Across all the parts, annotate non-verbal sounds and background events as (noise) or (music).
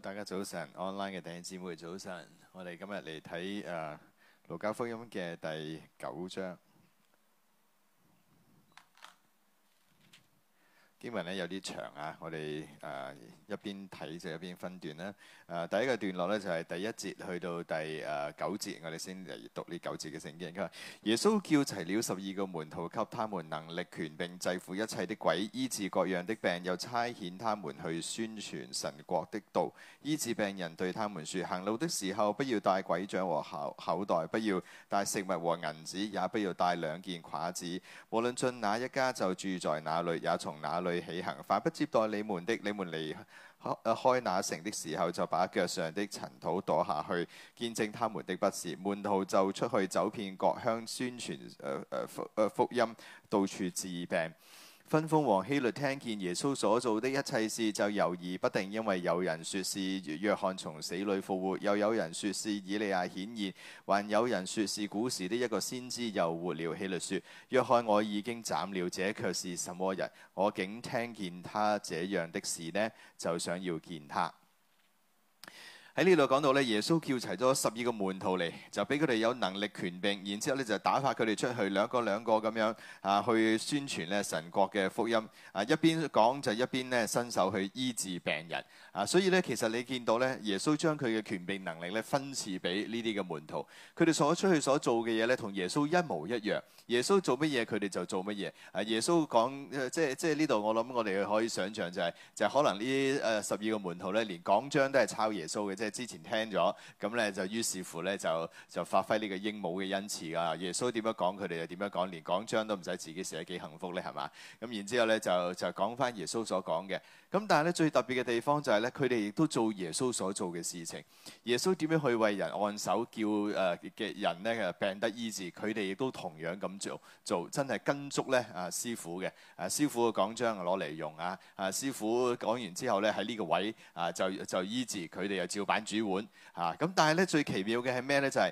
大家早晨，online 嘅弟兄姊妹早晨。我哋今日嚟睇誒《路加福音》嘅第九章。經文呢，有啲長啊，我哋誒一邊睇就一邊分段啦。誒第一個段落呢，就係第一節去到第誒九節，我哋先嚟讀呢九節嘅聖經。佢話：耶穌叫齊了十二個門徒，給他們能力權柄，制服一切的鬼，醫治各樣的病，又差遣他們去宣傳神國的道，醫治病人，對他們説：行路的時候不要帶拐杖和口口袋，不要帶食物和銀子，也不要帶兩件褂子。無論進哪一家就住在那裏，也從那裏。去起行，凡不接待你們的，你們離開開那城的時候，就把腳上的塵土跺下去，見證他們的不是。門徒就出去走遍各鄉，宣傳誒誒福誒福音，到處治病。分封王希律聽見耶穌所做的一切事，就猶豫不定，因為有人說是約，約翰從死裏復活，又有人說是以利亞顯現，還有人說是古時的一個先知又活了。希律說：約翰我已經斬了，這卻是什麼人？我竟聽見他這樣的事呢？就想要見他。喺呢度講到咧，耶穌叫齊咗十二個門徒嚟，就俾佢哋有能力權柄，然之後咧就打發佢哋出去兩個兩個咁樣啊去宣傳咧神國嘅福音啊，一邊講就一邊咧伸手去醫治病人啊，所以咧其實你見到咧，耶穌將佢嘅權柄能力咧分賜俾呢啲嘅門徒，佢哋所出去所做嘅嘢咧，同耶穌一模一樣。耶穌做乜嘢佢哋就做乜嘢啊！耶穌講，即係即係呢度我諗我哋可以想像就係就係可能呢誒，十二個門徒咧連講章都係抄耶穌嘅，即係之前聽咗咁咧就於是乎咧就就發揮呢個鸚鵡嘅恩賜㗎，耶穌點樣講佢哋就點樣講，連講章都唔使自己寫，幾幸福咧係嘛？咁然之後咧就就講翻耶穌所講嘅。咁但係咧最特別嘅地方就係咧，佢哋亦都做耶穌所做嘅事情。耶穌點樣去為人按手，叫誒嘅人咧病得醫治，佢哋亦都同樣咁做做，真係跟足咧啊師傅嘅啊師傅嘅講章攞嚟用啊，啊師傅講完之後咧喺呢個位啊就就醫治，佢哋又照板煮碗啊咁。但係咧最奇妙嘅係咩咧？就係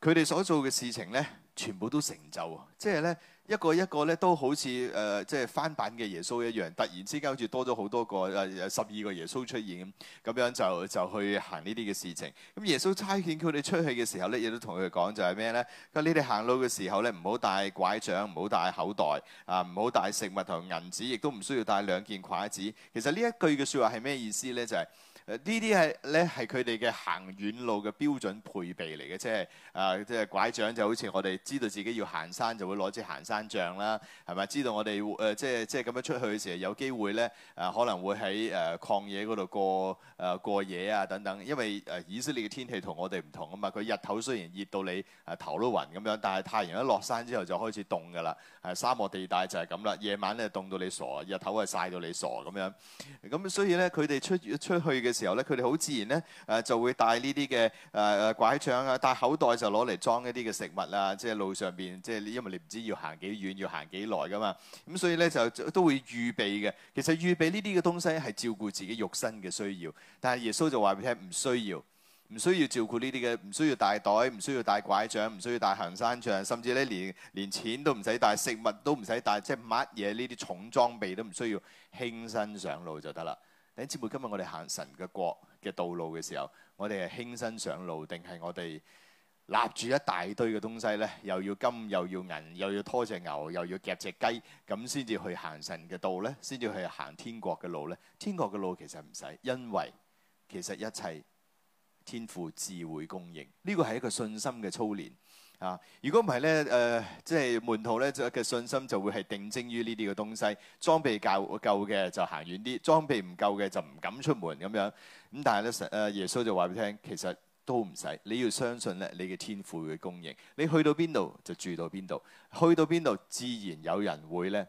佢哋所做嘅事情咧，全部都成就啊！即係咧。一個一個咧都好似誒即係翻版嘅耶穌一樣，突然之間好似多咗好多個誒誒十二個耶穌出現咁，咁樣就就去行呢啲嘅事情。咁、嗯、耶穌差遣佢哋出去嘅時候咧，亦都同佢哋講就係咩咧？佢話你哋行路嘅時候咧，唔好帶拐杖，唔好帶口袋，啊，唔好帶食物同銀紙，亦都唔需要帶兩件筷子。其實呢一句嘅説話係咩意思咧？就係、是。呢啲係咧係佢哋嘅行遠路嘅標準配備嚟嘅，即係誒、呃、即係拐杖，就好似我哋知道自己要行山就會攞支行山杖啦，係咪？知道我哋誒、呃、即係即係咁樣出去嘅時候有機會咧誒、呃、可能會喺誒曠野嗰度過誒、啊、過夜啊等等，因為誒、呃、以色列嘅天氣同我哋唔同啊嘛，佢日頭雖然熱到你誒、啊、頭都暈咁樣，但係太陽一落山之後就開始凍㗎啦。誒、啊、沙漠地帶就係咁啦，夜晚咧凍到你傻，日頭係晒到你傻咁樣。咁、嗯、所以咧佢哋出出去嘅時候咧，佢哋好自然咧，誒就會帶呢啲嘅誒誒拐杖啊，帶口袋就攞嚟裝一啲嘅食物啊，即係路上邊，即係你因為你唔知要行幾遠，要行幾耐噶嘛，咁所以咧就都會預備嘅。其實預備呢啲嘅東西係照顧自己肉身嘅需要，但係耶穌就話俾你聽唔需要，唔需要照顧呢啲嘅，唔需要帶袋，唔需要帶拐杖，唔需要帶行山杖，甚至咧連連錢都唔使帶，食物都唔使帶，即係乜嘢呢啲重裝備都唔需要，輕身上路就得啦。你知唔知今日我哋行神嘅國嘅道路嘅時候，我哋係輕身上路定係我哋攬住一大堆嘅東西呢？又要金又要銀，又要拖隻牛，又要夾隻雞，咁先至去行神嘅道呢？先至去行天國嘅路呢？天國嘅路其實唔使，因為其實一切天父自會供應。呢個係一個信心嘅操練。啊！如果唔係咧，誒、呃，即係門徒咧，就嘅信心就會係定睛於呢啲嘅東西。裝備夠夠嘅就行遠啲，裝備唔夠嘅就唔敢出門咁樣。咁但係咧，誒，耶穌就話俾你聽，其實都唔使。你要相信咧，你嘅天父會供應。你去到邊度就住到邊度，去到邊度自然有人會咧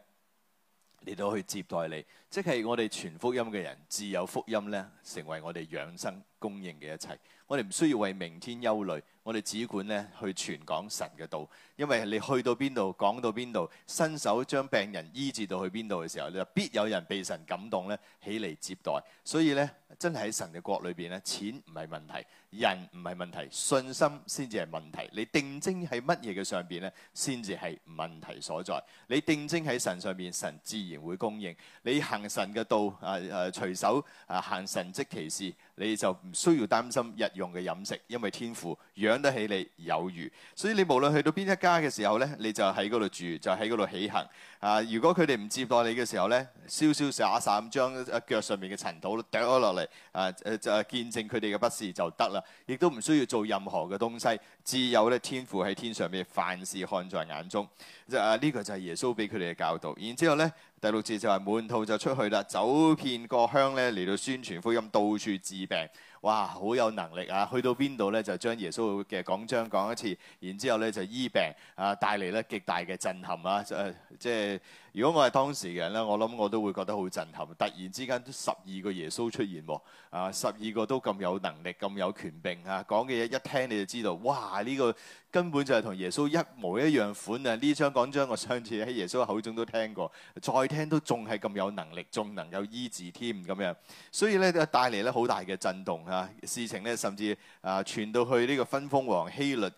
嚟到去接待你。即係我哋傳福音嘅人自有福音咧，成為我哋養生供應嘅一切。我哋唔需要為明天憂慮，我哋只管咧去傳講神嘅道。因為你去到邊度，講到邊度，伸手將病人醫治到去邊度嘅時候，你就必有人被神感動咧起嚟接待。所以咧，真係喺神嘅國裏邊咧，錢唔係問題，人唔係問題，信心先至係問題。你定睛喺乜嘢嘅上邊咧，先至係問題所在。你定睛喺神上邊，神自然會供應你行，神嘅道啊啊，隨、啊、手啊行神蹟奇事，你就唔需要擔心日用嘅飲食，因為天父養得起你有餘。所以你無論去到邊一家嘅時候咧，你就喺嗰度住，就喺嗰度起行啊。如果佢哋唔接待你嘅時候咧，瀟瀟灑灑咁將腳上面嘅塵土掟咗落嚟啊誒就見證佢哋嘅不是就得啦。亦都唔需要做任何嘅東西，自有咧天父喺天上面凡事看在眼中。就啊呢、這個就係耶穌俾佢哋嘅教導。然之後咧。第六節就係門徒就出去啦，走遍各鄉咧，嚟到宣傳福音，到處治病，哇！好有能力啊，去到邊度咧就將耶穌嘅講章講一次，然之後咧就醫病，啊，帶嚟咧極大嘅震撼啊！誒，即係。如果我係當時嘅人咧，我諗我都會覺得好震撼。突然之間，十二個耶穌出現啊，十二個都咁有能力、咁有權柄啊，講嘅嘢一聽你就知道，哇！呢、呢個根本就係同耶穌一模一樣款啊！呢張講章，我上次喺耶穌口中都聽過，再聽都仲係咁有能力，仲能有醫治添咁、啊、樣，所以咧帶嚟咧好大嘅震動啊！事情咧甚至啊傳到去呢個分封王希律。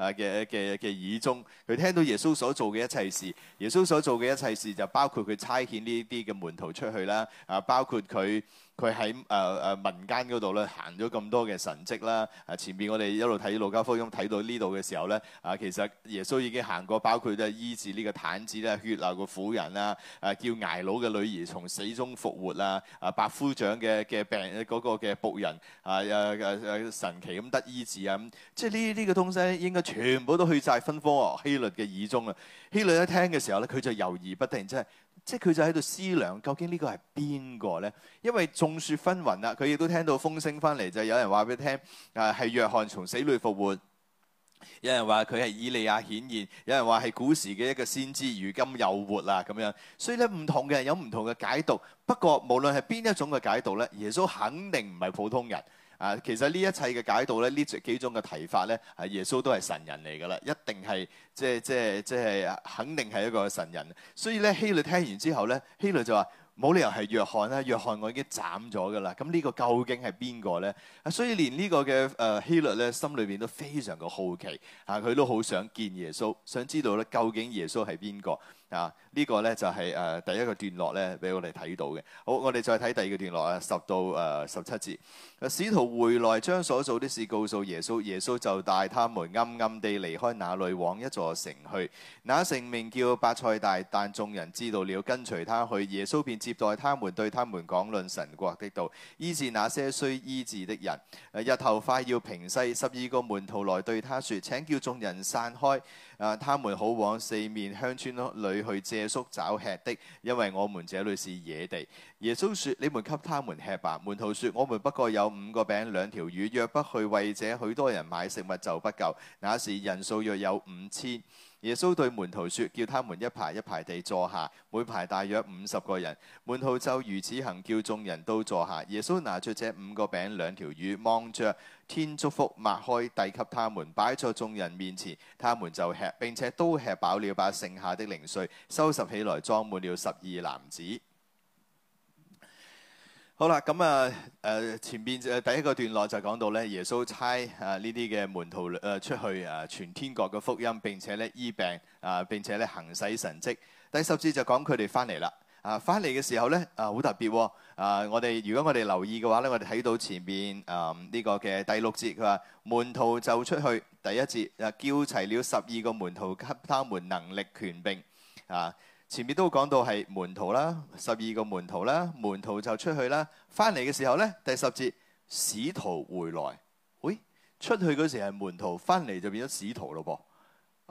啊嘅嘅嘅耳中，佢聽到耶穌所做嘅一切事，耶穌所做嘅一切事就包括佢差遣呢啲嘅門徒出去啦，啊包括佢。佢喺誒誒民間嗰度咧行咗咁多嘅神跡啦，誒、呃、前面我邊我哋一路睇路加福音睇到呢度嘅時候咧，啊、呃、其實耶穌已經行過包括咧醫治個呢個癱子咧、血流嘅婦人啦、誒、啊、叫睚魯嘅女兒從死中復活啦、啊百夫長嘅嘅病嗰、那個嘅僕人啊誒誒、啊、神奇咁得醫治啊，即係呢啲嘅東西應該全部都去晒分封希律嘅耳中啊！希律一聽嘅時候咧，佢就猶豫不定，即係。即係佢就喺度思量究竟個呢個係邊個咧？因為眾說紛紜啦，佢亦都聽到風聲翻嚟就是、有人話俾佢聽，係約翰從死裏復活；有人話佢係以利亞顯現；有人話係古時嘅一個先知，如今又活啦咁樣。所以咧，唔同嘅人有唔同嘅解讀。不過無論係邊一種嘅解讀咧，耶穌肯定唔係普通人。啊，其實呢一切嘅解讀咧，呢幾種嘅提法咧，係耶穌都係神人嚟噶啦，一定係即即即係肯定係一個神人。所以咧，希律聽完之後咧，希律就話冇理由係約翰啦，約翰我已經斬咗噶啦。咁、這、呢個究竟係邊個咧？啊，所以連呢個嘅誒希律咧，心裏邊都非常嘅好奇嚇，佢都好想見耶穌，想知道咧究竟耶穌係邊個啊？呢個咧就係誒第一個段落咧，俾我哋睇到嘅。好，我哋再睇第二個段落啊，十到誒、呃、十七節、啊。使徒回來將所做啲事告訴耶穌，耶穌就帶他們暗暗地離開那裏，往一座城去。那城名叫伯賽大，但眾人知道了，跟隨他去。耶穌便接待他們，對他們講論神國的道。醫治那些需醫治的人、啊。日頭快要平西，十二個門徒來對他說，請叫眾人散開。誒、啊，他們好往四面鄉村裏去借。耶穌找吃的，因為我們這裡是野地。耶穌說：你們給他們吃吧。門徒說：我們不過有五個餅、兩條魚，若不去為這許多人買食物，就不夠。那時人數約有五千。耶穌對門徒説：叫他們一排一排地坐下，每排大約五十個人。門徒就如此行，叫眾人都坐下。耶穌拿著這五個餅兩條魚，望著天祝福，擘開，遞給他們，擺在眾人面前。他們就吃，並且都吃飽了，把剩下的零碎收拾起來，裝滿了十二籃子。好啦，咁啊，誒前邊誒第一個段落就講到咧，耶穌差啊呢啲嘅門徒誒出去誒傳天國嘅福音，並且咧醫病啊，並且咧行使神蹟。第十節就講佢哋翻嚟啦，啊翻嚟嘅時候咧啊好特別喎、哦，啊我哋如果我哋留意嘅話咧，我哋睇到前邊啊呢個嘅第六節佢話門徒就出去，第一節啊，叫齊了十二個門徒給他們能力權柄啊。前面都講到係門徒啦，十二個門徒啦，門徒就出去啦。翻嚟嘅時候咧，第十節使徒回來。咦、哎？出去嗰時係門徒，翻嚟就變咗使徒咯噃。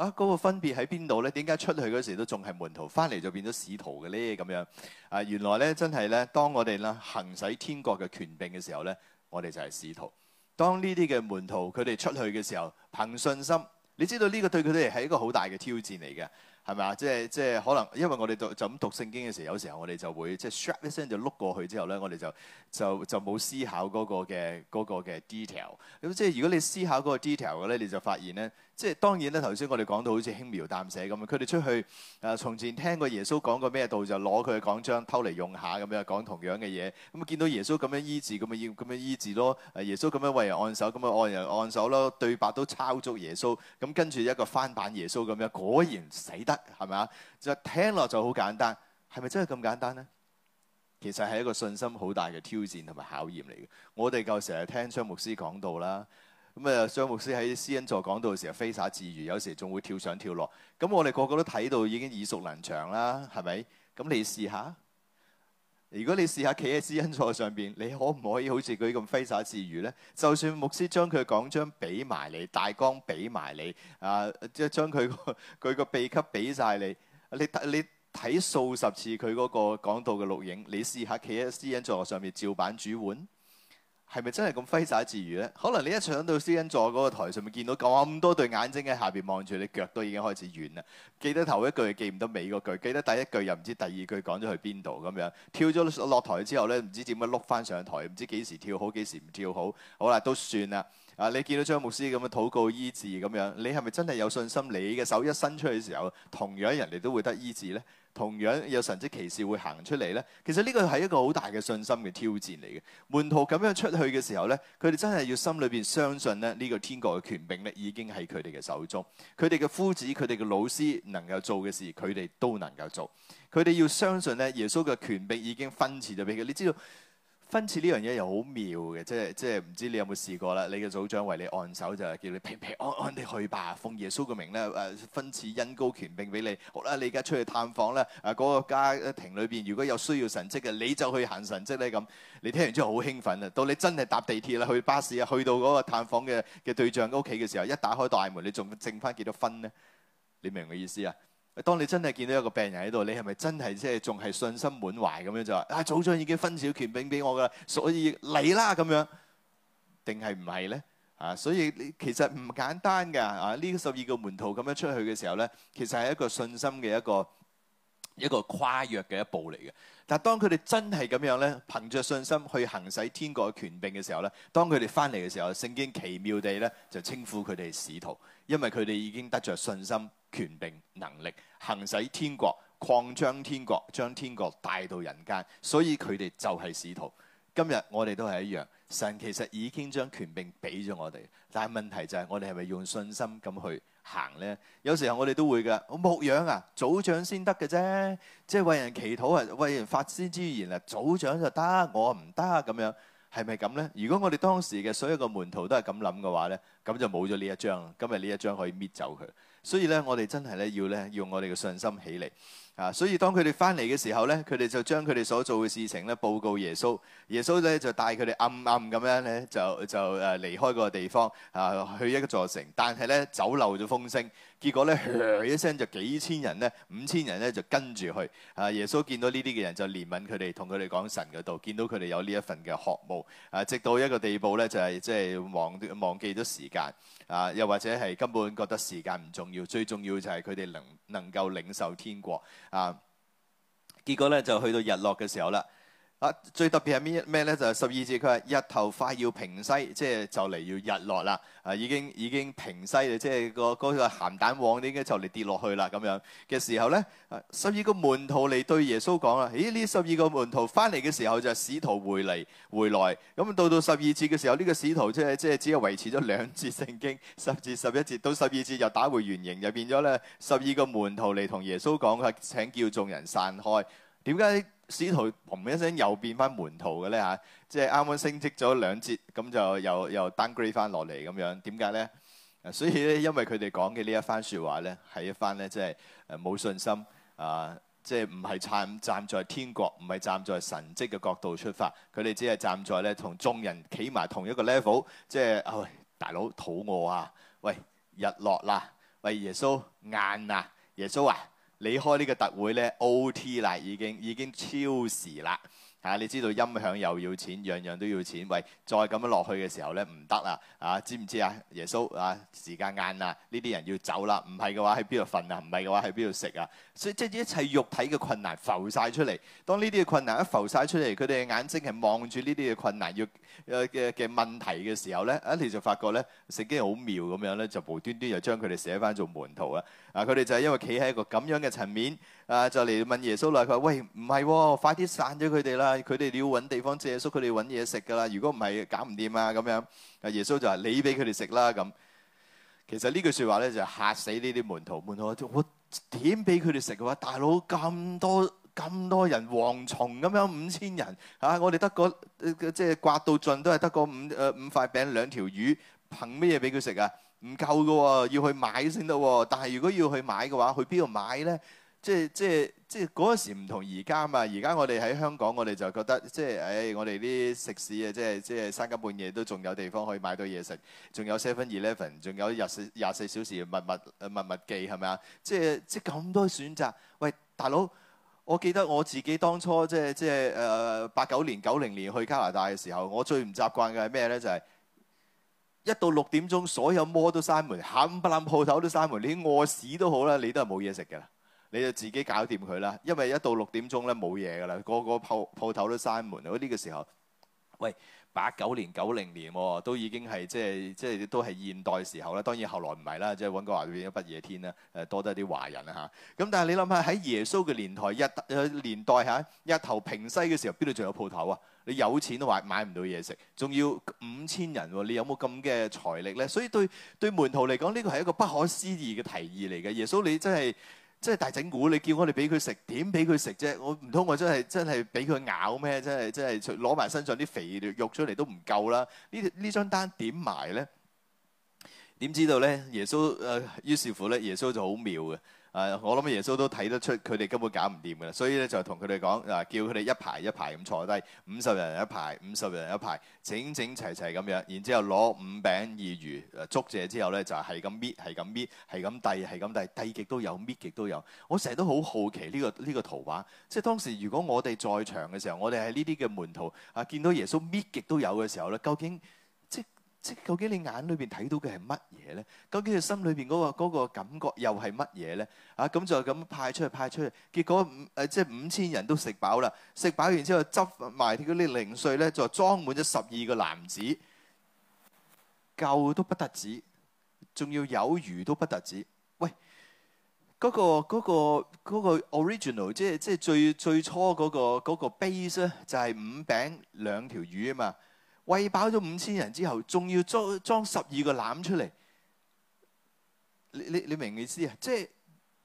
啊，嗰、那個分別喺邊度咧？點解出去嗰時都仲係門徒，翻嚟就變咗使徒嘅咧？咁樣啊，原來咧真係咧，當我哋啦行使天國嘅權柄嘅時候咧，我哋就係使徒。當呢啲嘅門徒佢哋出去嘅時候，憑信心，你知道呢個對佢哋係一個好大嘅挑戰嚟嘅。係咪啊？即係即係可能，因為我哋讀就咁讀聖經嘅時候，有時候我哋就會即係唰一聲就碌過去之後咧，我哋就就就冇思考嗰個嘅嗰個嘅 detail。咁即係如果你思考嗰個 detail 嘅咧，你就發現咧。即係當然啦，頭先我哋講到好似輕描淡寫咁啊！佢哋出去誒，從前聽過耶穌講過咩道，就攞佢嘅講章偷嚟用下咁樣講同樣嘅嘢。咁見到耶穌咁樣醫治，咁啊要咁樣醫治咯。誒，耶穌咁樣為人按手，咁啊按人按手咯。對白都抄足耶穌。咁跟住一個翻版耶穌咁樣，果然死得係咪啊？就聽落就好簡單，係咪真係咁簡單呢？其實係一個信心好大嘅挑戰同埋考驗嚟嘅。我哋就成日聽張牧師講道啦。咁啊，張牧師喺施恩座講道嘅時候，揮灑自如，有時仲會跳上跳落。咁我哋個個都睇到已經耳熟能詳啦，係咪？咁你試下。如果你試下企喺施恩座上邊，你可唔可以好似佢咁揮灑自如咧？就算牧師將佢講章俾埋你，大綱俾埋你，啊，即係將佢佢個秘笈俾晒你。你你睇數十次佢嗰個講道嘅錄影，你試下企喺施恩座上面照板煮碗。係咪真係咁揮灑自如呢？可能你一上到司音座嗰個台上面，見到咁多對眼睛喺下邊望住你，腳都已經開始軟啦。記得頭一句，記唔得尾嗰句；記得第一句，又唔知第二句講咗去邊度咁樣。跳咗落台之後呢，唔知點樣碌翻上台，唔知幾時跳好，幾時唔跳好。好啦，都算啦。啊！你見到張牧師咁樣禱告醫治咁樣，你係咪真係有信心？你嘅手一伸出嘅時候，同樣人哋都會得醫治咧，同樣有神蹟奇事會行出嚟咧。其實呢個係一個好大嘅信心嘅挑戰嚟嘅。門徒咁樣出去嘅時候咧，佢哋真係要心裏邊相信咧，呢個天國嘅權柄咧已經喺佢哋嘅手中。佢哋嘅夫子、佢哋嘅老師能夠做嘅事，佢哋都能夠做。佢哋要相信咧，耶穌嘅權柄已經分賜咗俾佢。你知道？分次呢樣嘢又好妙嘅，即係即係唔知你有冇試過啦。你嘅組長為你按手就係叫你平平安安地去吧，奉耶穌嘅名咧誒、啊，分次恩膏權柄俾你。好啦，你而家出去探訪咧誒，嗰、啊嗰個家庭裏邊如果有需要神蹟嘅，你就去行神蹟咧咁。你聽完之後好興奮啊！到你真係搭地鐵啦，去巴士啊，去到嗰個探訪嘅嘅對象屋企嘅時候，一打開大門，你仲剩翻幾多分呢？你明唔明意思啊？當你真係見到一個病人喺度，你係咪真係即係仲係信心滿懷咁樣就話啊，主將已經分小權柄俾我噶啦，所以嚟啦咁樣，定係唔係咧？啊，所以你其實唔簡單噶啊！呢十二個門徒咁樣出去嘅時候咧，其實係一個信心嘅一個一個跨越嘅一步嚟嘅。但當佢哋真係咁樣咧，憑着信心去行使天國嘅權柄嘅時候咧，當佢哋翻嚟嘅時候，聖經奇妙地咧就稱呼佢哋係使徒，因為佢哋已經得着信心。權柄能力，行使天國，擴張天國，將天國帶到人間，所以佢哋就係使徒。今日我哋都係一樣，神其實已經將權柄俾咗我哋，但係問題就係我哋係咪用信心咁去行呢？有時候我哋都會噶牧養啊，組長先得嘅啫，即係為人祈禱啊，為人發先之言啊，組長就得，我唔得咁樣係咪咁呢？如果我哋當時嘅所有個門徒都係咁諗嘅話呢，咁就冇咗呢一章。今日呢一章可以搣走佢。所以咧，我哋真係咧要咧用我哋嘅信心起嚟啊！所以當佢哋翻嚟嘅時候咧，佢哋就將佢哋所做嘅事情咧報告耶穌，耶穌咧就帶佢哋暗暗咁樣咧就就誒離開嗰個地方啊，去一個座城，但係咧走漏咗風聲。結果咧，一聲就幾千人咧，五千人咧就跟住去。啊，耶穌見到呢啲嘅人就憐憫佢哋，同佢哋講神嘅道，見到佢哋有呢一份嘅渴慕。啊，直到一個地步咧，就係即係忘忘記咗時間。啊，又或者係根本覺得時間唔重要。最重要就係佢哋能能夠領受天國。啊，結果咧就去到日落嘅時候啦。啊，最特別係咩？咩咧？就係十二節，佢話日頭快要平西，即係就嚟要日落啦。啊，已經已經平西啦，即係個嗰個鹹蛋黃已經就嚟跌落去啦。咁樣嘅時候咧，十二個門徒嚟對耶穌講啦。咦？呢十二個門徒翻嚟嘅時候就使徒回嚟回來。咁到到十二節嘅時候，呢個使徒即係即係只係維持咗兩節聖經，十至十一節，到十二節又打回原形，就變咗咧。十二個門徒嚟同耶穌講，佢請叫眾人散開。點解？使徒嘭一聲又變翻門徒嘅咧嚇，即係啱啱升職咗兩級，咁就又又 downgrade 翻落嚟咁樣，點解咧？所以咧，因為佢哋講嘅呢一番説話咧，係一番咧，即係誒冇信心啊，即係唔係站站在天國，唔係站在神蹟嘅角度出發，佢哋只係站在咧同眾人企埋同一個 level，即係喂、哎、大佬肚餓啊，喂日落啦，喂耶穌晏啊，耶穌啊！你開呢個特會咧 OT 啦，已經已經超時啦嚇、啊！你知道音響又要錢，樣樣都要錢。喂，再咁樣落去嘅時候咧，唔得啦嚇！知唔知啊？耶穌啊，時間晏啦，呢啲人要走啦。唔係嘅話喺邊度瞓啊？唔係嘅話喺邊度食啊？所以即係一切肉體嘅困難浮晒出嚟。當呢啲嘅困難一浮晒出嚟，佢哋嘅眼睛係望住呢啲嘅困難，要誒嘅嘅問題嘅時候咧，你就發覺咧，聖經好妙咁樣咧，就無端端又將佢哋寫翻做門徒啊！啊！佢哋就係因為企喺一個咁樣嘅層面，啊，就嚟問耶穌啦。佢話：喂，唔係，快啲散咗佢哋啦！佢哋要揾地方借宿，佢哋揾嘢食噶啦。如果唔係，搞唔掂啊！咁樣啊，耶穌就話：你俾佢哋食啦。咁其實呢句説話咧，就嚇死呢啲門徒。門徒話：我點俾佢哋食啊？大佬，咁多咁多人蝗蟲咁樣，五千人啊！我哋得個即係刮到盡都係得個五誒、呃、五塊餅兩條魚，憑咩嘢俾佢食啊？唔夠噶喎，要去買先得喎。但係如果要去買嘅話，去邊度買咧？即係即係即係嗰陣時唔同而家嘛。而家我哋喺香港，我哋就覺得即係唉、哎，我哋啲食肆啊，即係即係三更半夜都仲有地方可以買到嘢食，仲有 Seven Eleven，仲有廿四廿四小時密密誒密密記係咪啊？即係即係咁多選擇。喂，大佬，我記得我自己當初即係即係誒八九年九零年去加拿大嘅時候，我最唔習慣嘅係咩咧？就係、是。一到六點鐘，所有摩都閂門，冚唪唥鋪頭都閂門，你餓屎都好啦，你都係冇嘢食㗎啦，你就自己搞掂佢啦，因為一到六點鐘咧冇嘢噶啦，個個鋪鋪頭都閂門，如果呢個時候，喂。八九年、九零年都已經係即係即係都係現代時候啦。當然後來唔係啦，即係溫哥華人一不夜天啦。誒，多得啲華人啊。嚇。咁但係你諗下喺耶穌嘅年代、日年代嚇日頭平西嘅時候，邊度仲有鋪頭啊？你有錢都買買唔到嘢食，仲要五千人，你有冇咁嘅財力咧？所以對對門徒嚟講，呢個係一個不可思議嘅提議嚟嘅。耶穌，你真係～即係大整蠱，你叫我哋俾佢食，點俾佢食啫？我唔通我真係真係俾佢咬咩？真係真係攞埋身上啲肥肉出嚟都唔夠啦！張呢呢張單點埋咧？點知道咧？耶穌誒，於是乎咧，耶穌就好妙嘅。誒，uh, 我諗耶穌都睇得出佢哋根本搞唔掂嘅啦，所以咧就同佢哋講啊，叫佢哋一排一排咁坐低，五十人一排，五十人一排，整整齊齊咁樣。然之後攞五餅二魚捉住之後咧，就係咁搣，係咁搣，係咁遞，係咁遞，遞極都有，搣極都有。我成日都好好奇呢個呢個圖畫，即係當時如果我哋在場嘅時候，我哋喺呢啲嘅門徒啊，見到耶穌搣極都有嘅時候咧，究竟？即究竟你眼裏邊睇到嘅係乜嘢咧？究竟佢心裏邊嗰個感覺又係乜嘢咧？啊，咁就咁派出去，派出去，結果誒即係五千人都食飽啦，食飽完之後執埋啲零碎咧就裝滿咗十二個籃子，夠都不得止，仲要有餘都不得止。喂，嗰個嗰個嗰個 original，即係即係最最初嗰個嗰個 base 咧，就係五餅兩條魚啊嘛。餵飽咗五千人之後，仲要裝十二個籃出嚟，你你你明白意思啊？即係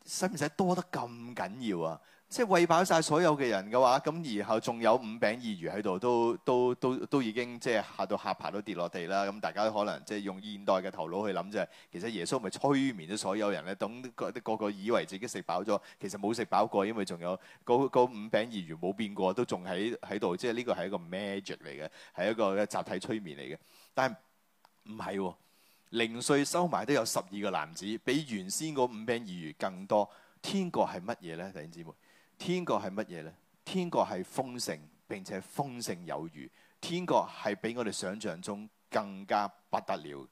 使唔使多得咁緊要啊？即係餵飽晒所有嘅人嘅話，咁然後仲有五餅二魚喺度，都都都都已經即係嚇到下巴都跌落地啦。咁大家都可能即係用現代嘅頭腦去諗，就係其實耶穌咪催眠咗所有人咧，等個啲個個以為自己食飽咗，其實冇食飽過，因為仲有嗰五餅二魚冇變過，都仲喺喺度。即係呢個係一個 magic 嚟嘅，係一個集體催眠嚟嘅。但係唔係喎，零碎收埋都有十二個籃子，比原先個五餅二魚更多。天國係乜嘢咧？弟兄姊妹？天國係乜嘢呢？天國係豐盛，並且豐盛有餘。天國係比我哋想象中更加不得了。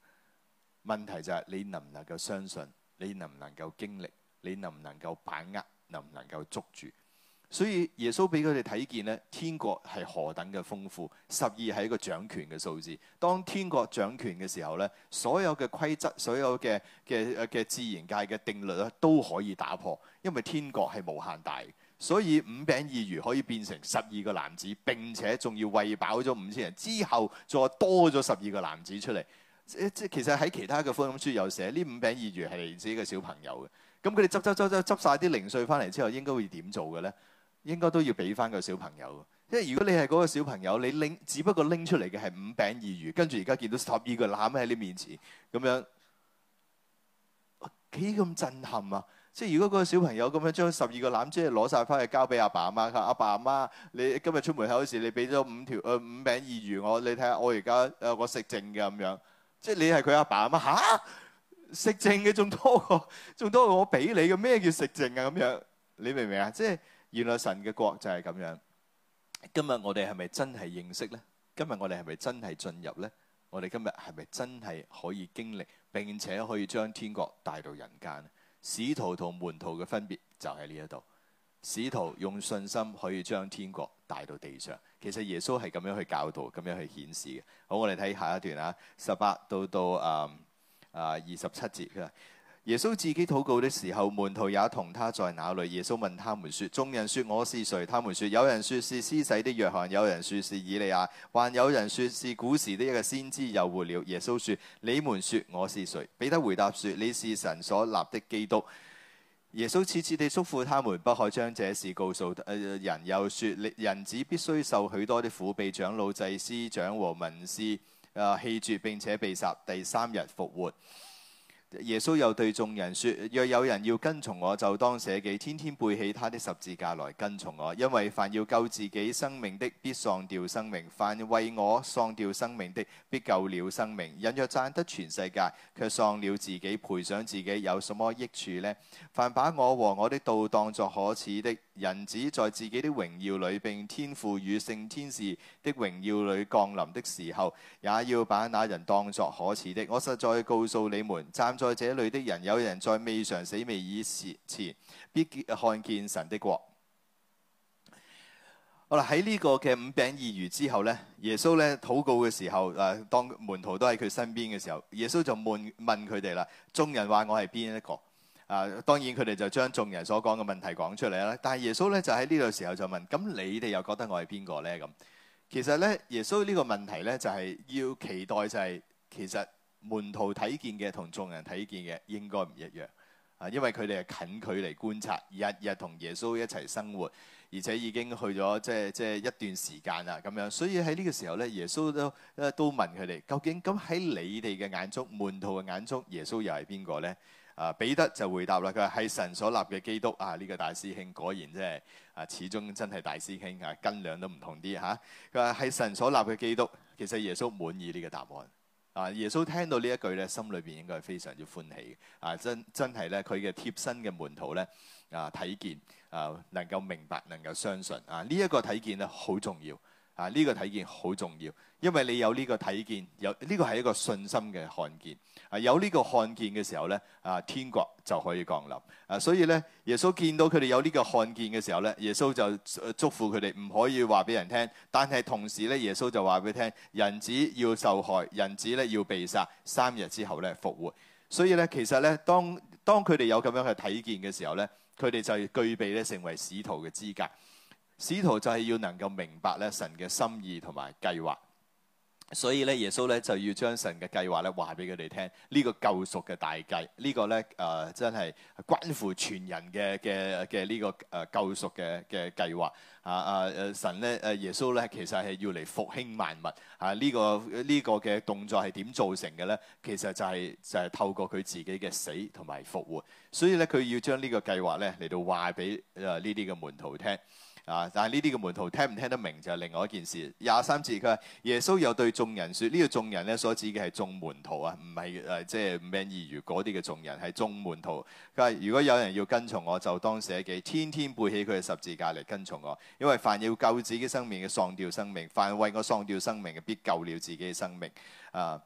問題就係，你能唔能夠相信？你能唔能夠經歷？你能唔能夠把握？能唔能夠捉住？所以耶穌俾佢哋睇見呢，天國係何等嘅豐富。十二係一個掌權嘅數字。當天國掌權嘅時候呢，所有嘅規則、所有嘅嘅嘅自然界嘅定律咧，都可以打破，因為天國係無限大。所以五餅二魚可以變成十二個男子，並且仲要餵飽咗五千人，之後再多咗十二個男子出嚟。即即其實喺其他嘅福音書有寫，呢五餅二魚係嚟自一個小朋友嘅。咁佢哋執執執執執晒啲零碎翻嚟之後，應該會點做嘅咧？應該都要俾翻個小朋友嘅。因為如果你係嗰個小朋友，你拎只不過拎出嚟嘅係五餅二魚，跟住而家見到十二個攬喺你面前，咁樣幾咁震撼啊！即係如果個小朋友咁樣將十二個籃，即係攞晒翻去交俾阿爸阿媽。阿爸阿媽，你今日出門口時，你俾咗五條誒、呃、五名二余五餅二魚我，你睇下我而家誒我食剩嘅咁樣。即係你係佢阿爸阿媽吓，食剩嘅仲多過仲多過我俾你嘅，咩叫食剩啊？咁樣你明唔明啊？即係原來神嘅國就係咁樣。今日我哋係咪真係認識咧？今日我哋係咪真係進入咧？我哋今日係咪真係可以經歷，並且可以將天國帶到人間？使徒同門徒嘅分別就喺呢一度，使徒用信心可以將天國帶到地上。其實耶穌係咁樣去教導，咁樣去顯示嘅。好，我哋睇下一段啊，十八到到誒誒二十七節耶穌自己禱告的時候，門徒也同他在那裏。耶穌問他們說：眾人說我是誰？他們說：有人說是施洗的約翰，有人說是以利亞，還有人說是古時的一個先知又活了。耶穌說：你們說我是誰？彼得回答說：你是神所立的基督。耶穌次次地囑咐他們，不可將這事告訴、呃、人。又說：人子必須受許多的苦，被長老、祭司長和文士啊棄絕，並且被殺，第三日復活。耶穌又對眾人説：若有人要跟從我，就當捨己，天天背起他的十字架來跟從我。因為凡要救自己生命的，必喪掉生命；凡為我喪掉生命的，必救了生命。人若賺得全世界，卻喪了自己，賠上自己，有什麼益處呢？凡把我和我的道當作可恥的，人子在自己的榮耀裏，並天父與聖天使的榮耀裏降臨的時候，也要把那人當作可恥的。我實在告訴你們，站在這裏的人，有人在未嘗死未以前，必看見神的國。好啦，喺呢個嘅五餅二魚之後呢，耶穌呢禱告嘅時候，誒，當門徒都喺佢身邊嘅時候，耶穌就問問佢哋啦：眾人話我係邊一個？啊，當然佢哋就將眾人所講嘅問題講出嚟啦。但係耶穌咧就喺呢個時候就問：咁你哋又覺得我係邊個咧？咁其實咧，耶穌呢個問題咧就係要期待就係其實門徒睇見嘅同眾人睇見嘅應該唔一樣啊，因為佢哋係近距離觀察，日日同耶穌一齊生活，而且已經去咗即係即係一段時間啦。咁樣，所以喺呢個時候咧，耶穌都都問佢哋：究竟咁喺你哋嘅眼中，門徒嘅眼中，耶穌又係邊個咧？啊，彼得就回答啦，佢話係神所立嘅基督啊，呢個大師兄果然真係啊，始終真係大師兄啊，斤兩都唔同啲吓。佢話係神所立嘅基督，其實耶穌滿意呢個答案啊，耶穌聽到呢一句咧，心裏邊應該係非常之歡喜啊，真真係咧，佢嘅貼身嘅門徒咧啊睇見啊，能夠明白，能夠相信啊，呢一個睇見咧好重要。啊！呢個睇見好重要，因為你有呢個睇見，有呢個係一個信心嘅看見。啊，有呢個看見嘅時候咧，啊天國就可以降臨。啊，所以咧，耶穌見到佢哋有呢個看見嘅時候咧，耶穌就祝福佢哋，唔可以話俾人聽。但係同時咧，耶穌就話俾佢聽，人子要受害，人子咧要被殺，三日之後咧復活。所以咧，其實咧，當當佢哋有咁樣嘅睇見嘅時候咧，佢哋就具備咧成為使徒嘅資格。使徒就係要能夠明白咧神嘅心意同埋計劃，所以咧耶穌咧就要將神嘅計劃咧話俾佢哋聽呢個救贖嘅大計呢、呢個咧誒、呃、真係關乎全人嘅嘅嘅呢個誒、呃、救贖嘅嘅計劃啊啊誒神咧誒耶穌咧其實係要嚟復興萬物啊呢、呢個呢、呢個嘅動作係點造成嘅咧？其實就係、係、就係、係、透過佢自己嘅死同埋復活，所以咧佢要將呢個計劃咧嚟到話俾誒呢啲嘅門徒聽。啊！但係呢啲嘅門徒聽唔聽得明就係、是、另外一件事。廿三節佢話耶穌有對眾人說：呢個眾人咧所指嘅係眾門徒啊，唔係誒，即係名爾如嗰啲嘅眾人係眾門徒。佢話、呃、如果有人要跟從我，就當捨己，天天背起佢嘅十字架嚟跟從我。因為凡要救自己生命嘅，喪掉生命；凡為我喪掉生命嘅，必救了自己嘅生命。啊！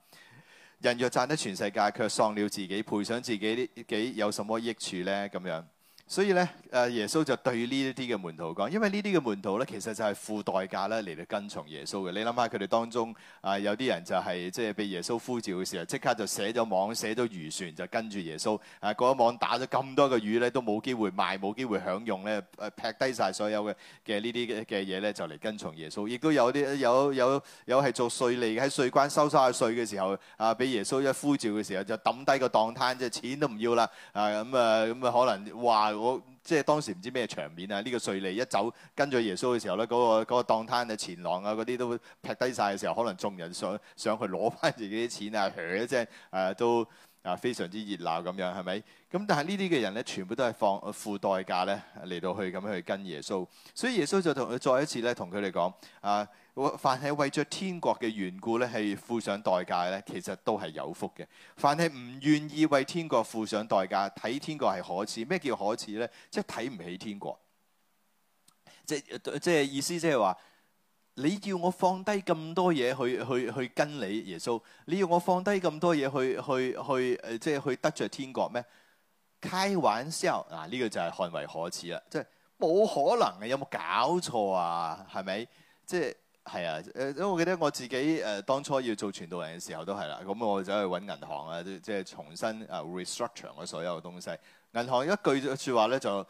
人若賺得全世界，卻喪了自己，賠上自己啲己，有什麼益處呢？咁樣。所以咧，誒耶穌就對呢一啲嘅門徒講，因為呢啲嘅門徒咧，其實就係付代價咧嚟到跟從耶穌嘅。你諗下佢哋當中啊，有啲人就係即係俾耶穌呼召嘅時候，即刻就寫咗網、寫咗漁船就跟住耶穌。啊，一網打咗咁多個魚咧，都冇機會賣、冇機會享用咧，誒撇低晒所有嘅嘅呢啲嘅嘢咧，就嚟跟從耶穌。亦都有啲有有有係做稅吏，喺稅關收晒下稅嘅時候，啊，俾耶穌一呼召嘅時候就抌低個檔攤，即係錢都唔要啦。啊，咁啊，咁啊，可能話。哇我即係當時唔知咩場面啊！呢個瑞利一走跟咗耶穌嘅時候咧，嗰個嗰個檔攤啊、前廊啊嗰啲都劈低晒嘅時候，可能眾人想想去攞翻自己啲錢啊，噏一聲誒都啊非常之熱鬧咁樣，係咪？咁但係呢啲嘅人咧，全部都係放付代價咧嚟到去咁樣去跟耶穌，所以耶穌就同佢再一次咧同佢哋講啊。凡係為著天國嘅緣故咧，係付上代價咧，其實都係有福嘅。凡係唔願意為天國付上代價，睇天國係可恥。咩叫可恥咧？即係睇唔起天國。即即係意思即係話，你叫我放低咁多嘢去去去，去跟你耶穌，你要我放低咁多嘢去去去誒，即係去得着天國咩？開玩笑，嗱、啊、呢、呢個就係看為可恥啦。即係冇可能嘅，有冇搞錯啊？係咪？即係。係啊，誒，因為我記得我自己誒、呃、當初要做傳道人嘅時候都係啦，咁我走去揾銀行啊，即係重新啊、呃、restructure 我所有嘅東西。銀行一句説話咧就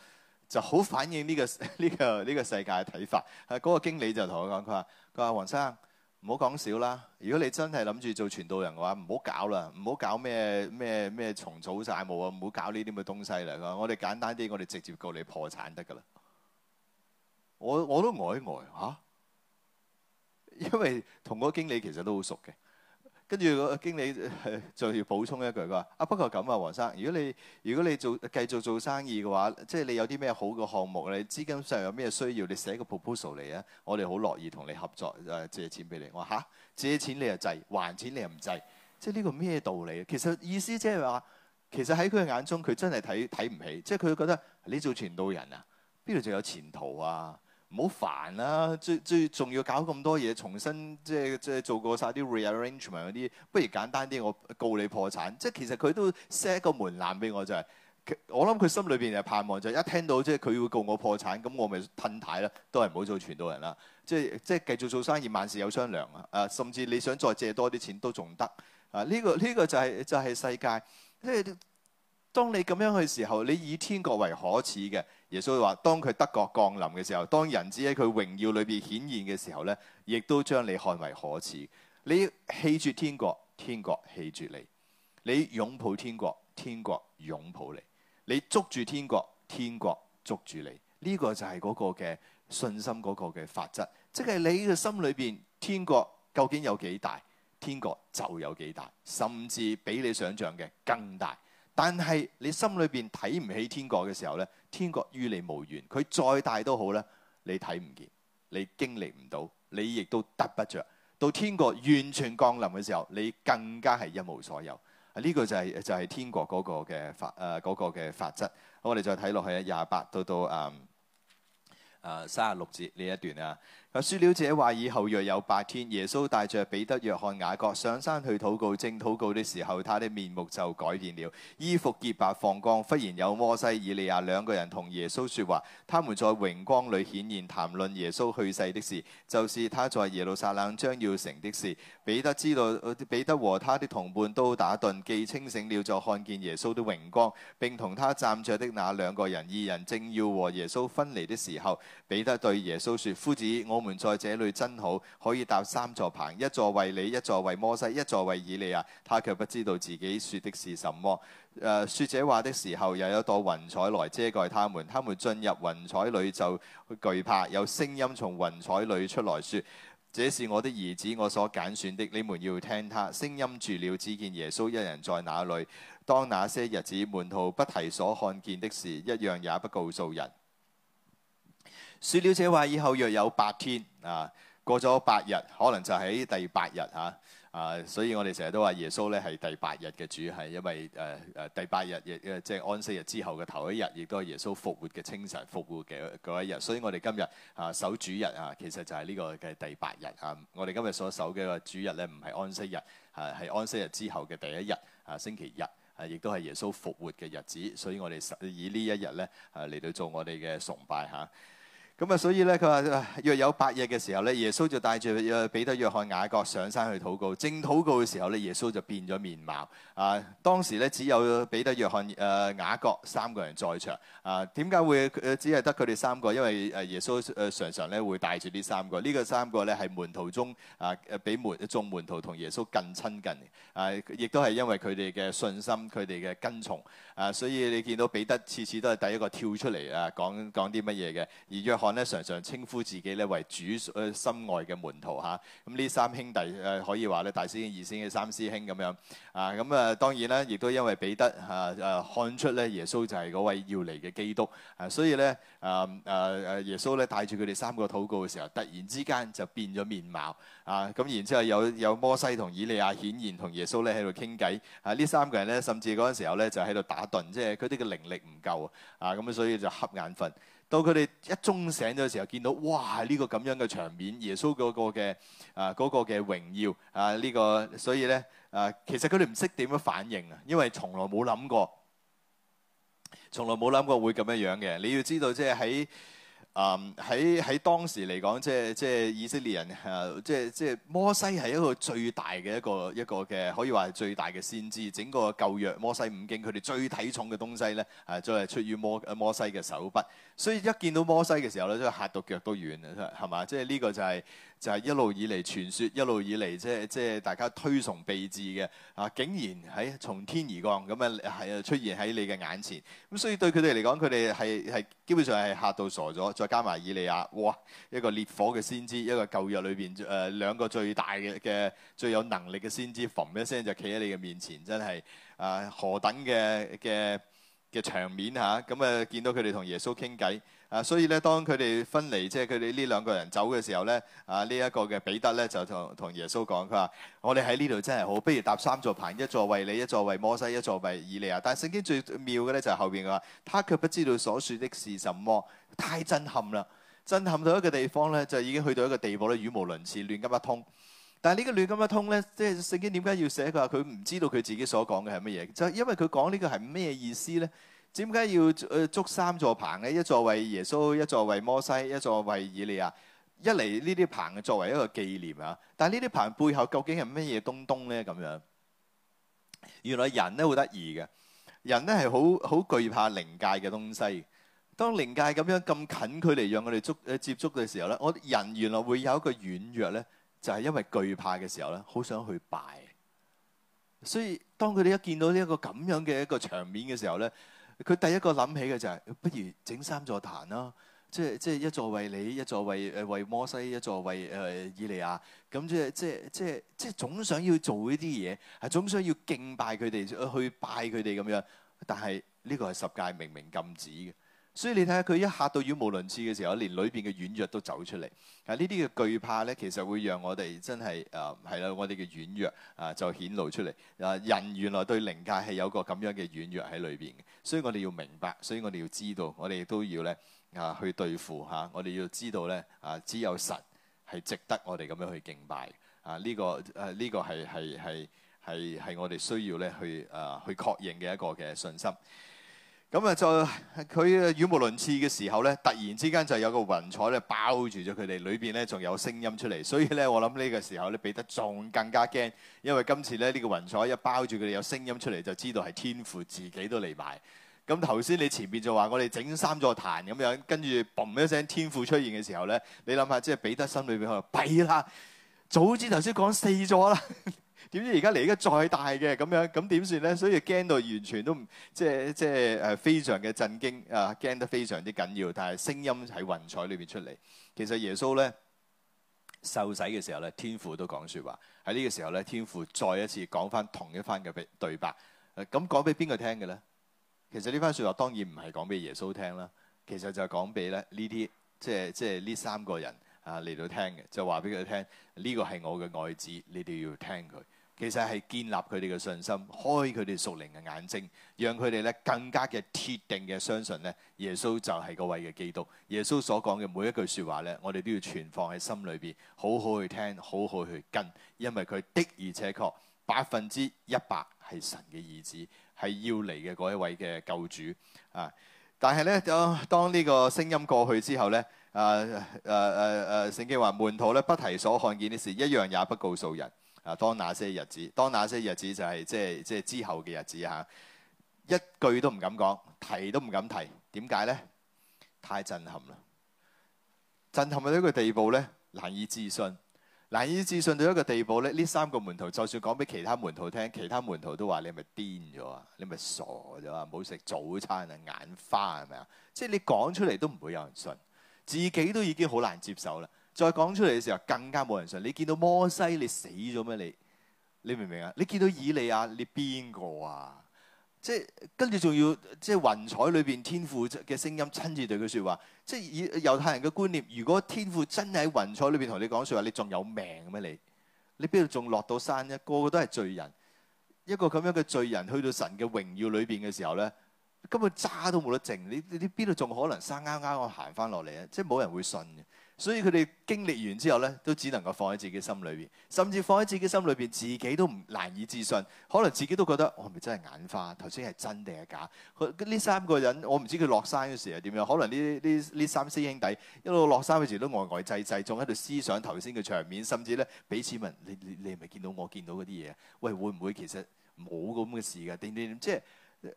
就好反映呢個呢個呢個世界嘅睇法。係嗰個經理就同我講，佢話佢話黃生，唔好講笑啦，如果你真係諗住做傳道人嘅話，唔好搞啦，唔好搞咩咩咩重組債務啊，唔好搞呢啲咁嘅東西啦。佢話我哋簡單啲，我哋直接告你破產得㗎啦。我我都呆呆嚇。因為同嗰個經理其實都好熟嘅，跟住個經理誒就要補充一句，佢話：啊不過咁啊，黃生，如果你如果你做繼續做生意嘅話，即係你有啲咩好嘅項目，你資金上有咩需要，你寫個 proposal 嚟啊，我哋好樂意同你合作誒，借錢俾你。我吓，借錢你又滯，還錢你又唔滯，即係呢個咩道理啊？其實意思即係話，其實喺佢嘅眼中，佢真係睇睇唔起，即係佢覺得你做傳道人啊，邊度仲有前途啊？唔好煩啦，最最仲要搞咁多嘢，重新即係即係做過晒啲 rearrangement 嗰啲，不如簡單啲，我告你破產。即係其實佢都 set 個門檻俾我，就係我諗佢心裏邊係盼望就係一聽到即係佢會告我破產，咁我咪褪軚啦，都係唔好做傳道人啦。即係即係繼續做生意，萬事有商量啊！啊，甚至你想再借多啲錢都仲得啊！呢個呢個就係就係世界即係。欸當你咁樣嘅時候，你以天國為可恥嘅，耶穌會話：當佢德國降臨嘅時候，當人子喺佢榮耀裏邊顯現嘅時候咧，亦都將你看為可恥。你棄絕天國，天國棄絕你；你擁抱天國，天國擁抱你；你捉住天國，天國捉住你。呢、這個就係嗰個嘅信心，嗰個嘅法則，即係你嘅心裏邊，天國究竟有幾大？天國就有幾大，甚至比你想象嘅更大。但係你心裏邊睇唔起天國嘅時候呢，天國與你無緣。佢再大都好呢，你睇唔見，你經歷唔到，你亦都得不着。到天國完全降臨嘅時候，你更加係一無所有。啊，呢、呢個就係、是、就係、是、天國嗰個嘅法誒，呃嗰個嘅法則。好，我哋再睇落去啊，廿八到到啊啊三十六節呢一段啊。説了者話：以後若有白天，耶穌帶著彼得、約翰、雅各上山去禱告，正禱告的時候，他的面目就改變了，衣服潔白放光。忽然有摩西、以利亞兩個人同耶穌說話，他們在榮光裏顯現，談論耶穌去世的事，就是他在耶路撒冷將要成的事。彼得知道，彼得和他的同伴都打盹，既清醒了，就看見耶穌的榮光，並同他站着的那兩個人。二人正要和耶穌分離的時候，彼得對耶穌説：夫子，我。們在這裡真好，可以搭三座棚，一座為你，一座為摩西，一座為以利亞。他卻不知道自己說的是什麼。誒、呃，說這話的時候，又有一朵雲彩來遮蓋他們。他們進入雲彩裡就懼怕。有聲音從雲彩裡出來說：這是我的兒子，我所揀選的，你們要聽他。聲音住了，只見耶穌一人在那裡。當那些日子，門徒不提所看見的事，一樣也不告訴人。說了這話以後，約有八天啊，過咗八日，可能就喺第八日吓啊。所以我哋成日都話耶穌咧係第八日嘅主，係因為誒誒、啊、第八日亦即係安息日之後嘅頭一日，亦都係耶穌復活嘅清晨復活嘅嗰一日。所以我哋今日啊，守主日啊，其實就係呢個嘅第八日啊。我哋今日所守嘅主日咧，唔係安息日啊，係安息日之後嘅第一日啊，星期日啊，亦都係耶穌復活嘅日子。所以我哋以一呢一日咧啊嚟到做我哋嘅崇拜吓。啊咁啊，所以咧，佢話：若有八日嘅時候咧，耶穌就帶住誒彼得、約翰、雅各上山去禱告。正禱告嘅時候咧，耶穌就變咗面貌。啊，當時咧只有彼得、約翰、誒、呃、雅各三個人在場。啊，點解會只係得佢哋三個？因為誒耶穌誒常常咧會帶住呢三個。呢個三個咧係門徒中啊，誒比門眾門徒同耶穌更親近嘅。啊，亦都係因為佢哋嘅信心，佢哋嘅跟從。啊，所以你見到彼得次次都係第一個跳出嚟啊，講講啲乜嘢嘅。而約翰咧，常常稱呼自己咧為主誒、呃、心愛嘅門徒嚇。咁、啊、呢三兄弟誒、啊、可以話咧大師兄、二師兄、三師兄咁樣啊。咁啊，當然啦，亦都因為彼得啊誒看出咧耶穌就係嗰位要嚟嘅基督啊，所以咧啊啊啊耶穌咧帶住佢哋三個禱告嘅時候，突然之間就變咗面貌。啊，咁然之後有有摩西同以利亞顯然同耶穌咧喺度傾偈。啊，呢三個人咧，甚至嗰陣時候咧就喺度打盹，即係佢哋嘅靈力唔夠。啊，咁、啊、所以就瞌眼瞓。到佢哋一鐘醒咗嘅時候，見到哇呢、這個咁樣嘅場面，耶穌嗰個嘅啊嗰個嘅榮耀啊呢、這個，所以咧啊其實佢哋唔識點樣反應啊，因為從來冇諗過，從來冇諗過會咁樣樣嘅。你要知道，即係喺。啊！喺喺、um, 當時嚟講，即係即係以色列人啊！即係即係摩西係一個最大嘅一個一個嘅，可以話係最大嘅先知。整個舊約摩西五經，佢哋最睇重嘅東西咧，係都係出於摩摩西嘅手筆。所以一見到摩西嘅時候咧，真係嚇到腳都軟啦，係嘛？即係呢個就係、是、就係、是、一路以嚟傳説，一路以嚟即係即係大家推崇備至嘅啊，竟然喺從、哎、天而降咁啊，樣出現喺你嘅眼前。咁所以對佢哋嚟講，佢哋係係基本上係嚇到傻咗。再加埋以利亞，哇！一個烈火嘅先知，一個舊約裏邊誒兩個最大嘅嘅最有能力嘅先知，馮一聲就企喺你嘅面前，真係啊何等嘅嘅！嘅場面嚇咁啊，見到佢哋同耶穌傾偈啊，所以咧當佢哋分離，即係佢哋呢兩個人走嘅時候咧啊，呢、這、一個嘅彼得咧就同同耶穌講，佢話我哋喺呢度真係好，不如搭三座棚，一座為你，一座為，一座為摩西，一座為以利亞。但係聖經最妙嘅咧就係後邊話，他卻不知道所説的是什麼，太震撼啦！震撼到一個地方咧，就已經去到一個地步咧，語無倫次，亂噉一通。但係、這、呢個亂咁一通咧，即係聖經點解要寫佢話佢唔知道佢自己所講嘅係乜嘢？就因為佢講呢個係咩意思咧？點解要誒捉三座棚咧？一座為耶穌，一座為摩西，一座為以利亞。一嚟呢啲棚作為一個紀念啊！但係呢啲棚背後究竟係乜嘢東東咧？咁樣，原來人咧好得意嘅，人咧係好好懼怕靈界嘅東西。當靈界咁樣咁近距離讓我哋捉誒接觸嘅時候咧，我人原來會有一個軟弱咧。就係因為懼怕嘅時候咧，好想去拜，所以當佢哋一見到呢、這、一個咁樣嘅一個場面嘅時候咧，佢第一個諗起嘅就係、是、不如整三座壇啦，即係即係一座為你，一座為誒為摩西，一座為誒以、呃、利亞，咁即係即係即係即係總想要做呢啲嘢，係總想要敬拜佢哋去拜佢哋咁樣，但係呢、這個係十誡明明禁止嘅。所以你睇下佢一嚇到語無倫次嘅時候，連裏邊嘅軟弱都走出嚟。啊，呢啲嘅懼怕呢，其實會讓我哋真係誒係啦，我哋嘅軟弱啊就顯露出嚟。啊，人原來對靈界係有個咁樣嘅軟弱喺裏邊嘅。所以我哋要明白，所以我哋要知道，我哋都要呢啊去對付嚇、啊。我哋要知道呢，啊，只有神係值得我哋咁樣去敬拜。啊，呢、呢個誒呢、啊呢個係係係係係我哋需要呢去誒、啊、去確認嘅一個嘅信心。咁啊，就佢語無倫次嘅時候咧，突然之間就有個雲彩咧包住咗佢哋，裏邊咧仲有聲音出嚟。所以咧，我諗呢個時候咧，彼得仲更加驚，因為今次咧呢、呢個雲彩一包住佢哋有聲音出嚟，就知道係天父自己都嚟埋。咁頭先你前面就話我哋整三座壇咁樣，跟住嘣一聲天父出現嘅時候咧，你諗下即係彼得心裏邊佢話，弊啦，早知頭先講四座啦。 (laughs) 點知而家嚟，得再大嘅咁樣，咁點算咧？所以驚到完全都唔即係即係誒，非常嘅震驚啊！驚得非常之緊要。但係聲音喺雲彩裏邊出嚟，其實耶穌咧受洗嘅時候咧，天父都講説話，喺呢個時候咧，天父再一次講返同一番嘅對白。咁講俾邊個聽嘅咧？其實呢番説話當然唔係講俾耶穌聽啦，其實就係講俾咧呢啲即係即係呢三個人。啊嚟，到聽嘅就話俾佢聽，呢個係我嘅愛子，你哋要聽佢。其實係建立佢哋嘅信心，開佢哋屬靈嘅眼睛，讓佢哋咧更加嘅鐵定嘅相信咧，耶穌就係嗰位嘅基督。耶穌所講嘅每一句說話咧，我哋都要存放喺心裏邊，好好去聽，好好去跟，因為佢的而且確百分之一百係神嘅兒子，係要嚟嘅嗰一位嘅救主啊！但係咧，當當呢個聲音過去之後咧。啊啊啊啊！Uh, uh, uh, uh, 聖經話門徒咧不提所看見的事，一樣也不告訴人。啊，當那些日子，當那些日子就係、是、即係即係之後嘅日子吓，一句都唔敢講，提都唔敢提。點解咧？太震撼啦！震撼到一個地步咧，難以置信，難以置信到一個地步咧，呢三個門徒就算講俾其他門徒聽，其他門徒都話你咪癲咗啊，你咪傻咗啊，冇食早餐啊，眼花係咪啊？即係你講出嚟都唔會有人信。自己都已經好難接受啦，再講出嚟嘅時候更加冇人信。你見到摩西，你死咗咩？你你明唔明啊？你見到以利亞，你邊個啊？即係跟住仲要即係雲彩裏邊天父嘅聲音親自對佢説話。即係以猶太人嘅觀念，如果天父真係喺雲彩裏邊同你講説話，你仲有命咩？你你邊度仲落到山？一個個都係罪人。一個咁樣嘅罪人去到神嘅榮耀裏邊嘅時候咧。根本渣都冇得剩，你你啲邊度仲可能生啱啱我行翻落嚟啊？即係冇人會信嘅，所以佢哋經歷完之後咧，都只能夠放喺自己心裏邊，甚至放喺自己心裏邊，自己都唔難以置信。可能自己都覺得，我係咪真係眼花？頭先係真定係假？呢三個人，我唔知佢落山嘅時係點樣。可能呢呢呢三師兄弟一路落山嘅時都呆呆滯滯，仲喺度思想頭先嘅場面，甚至咧彼此問：你你你係咪見到我見到嗰啲嘢？喂，會唔會其實冇咁嘅事㗎？定定即係。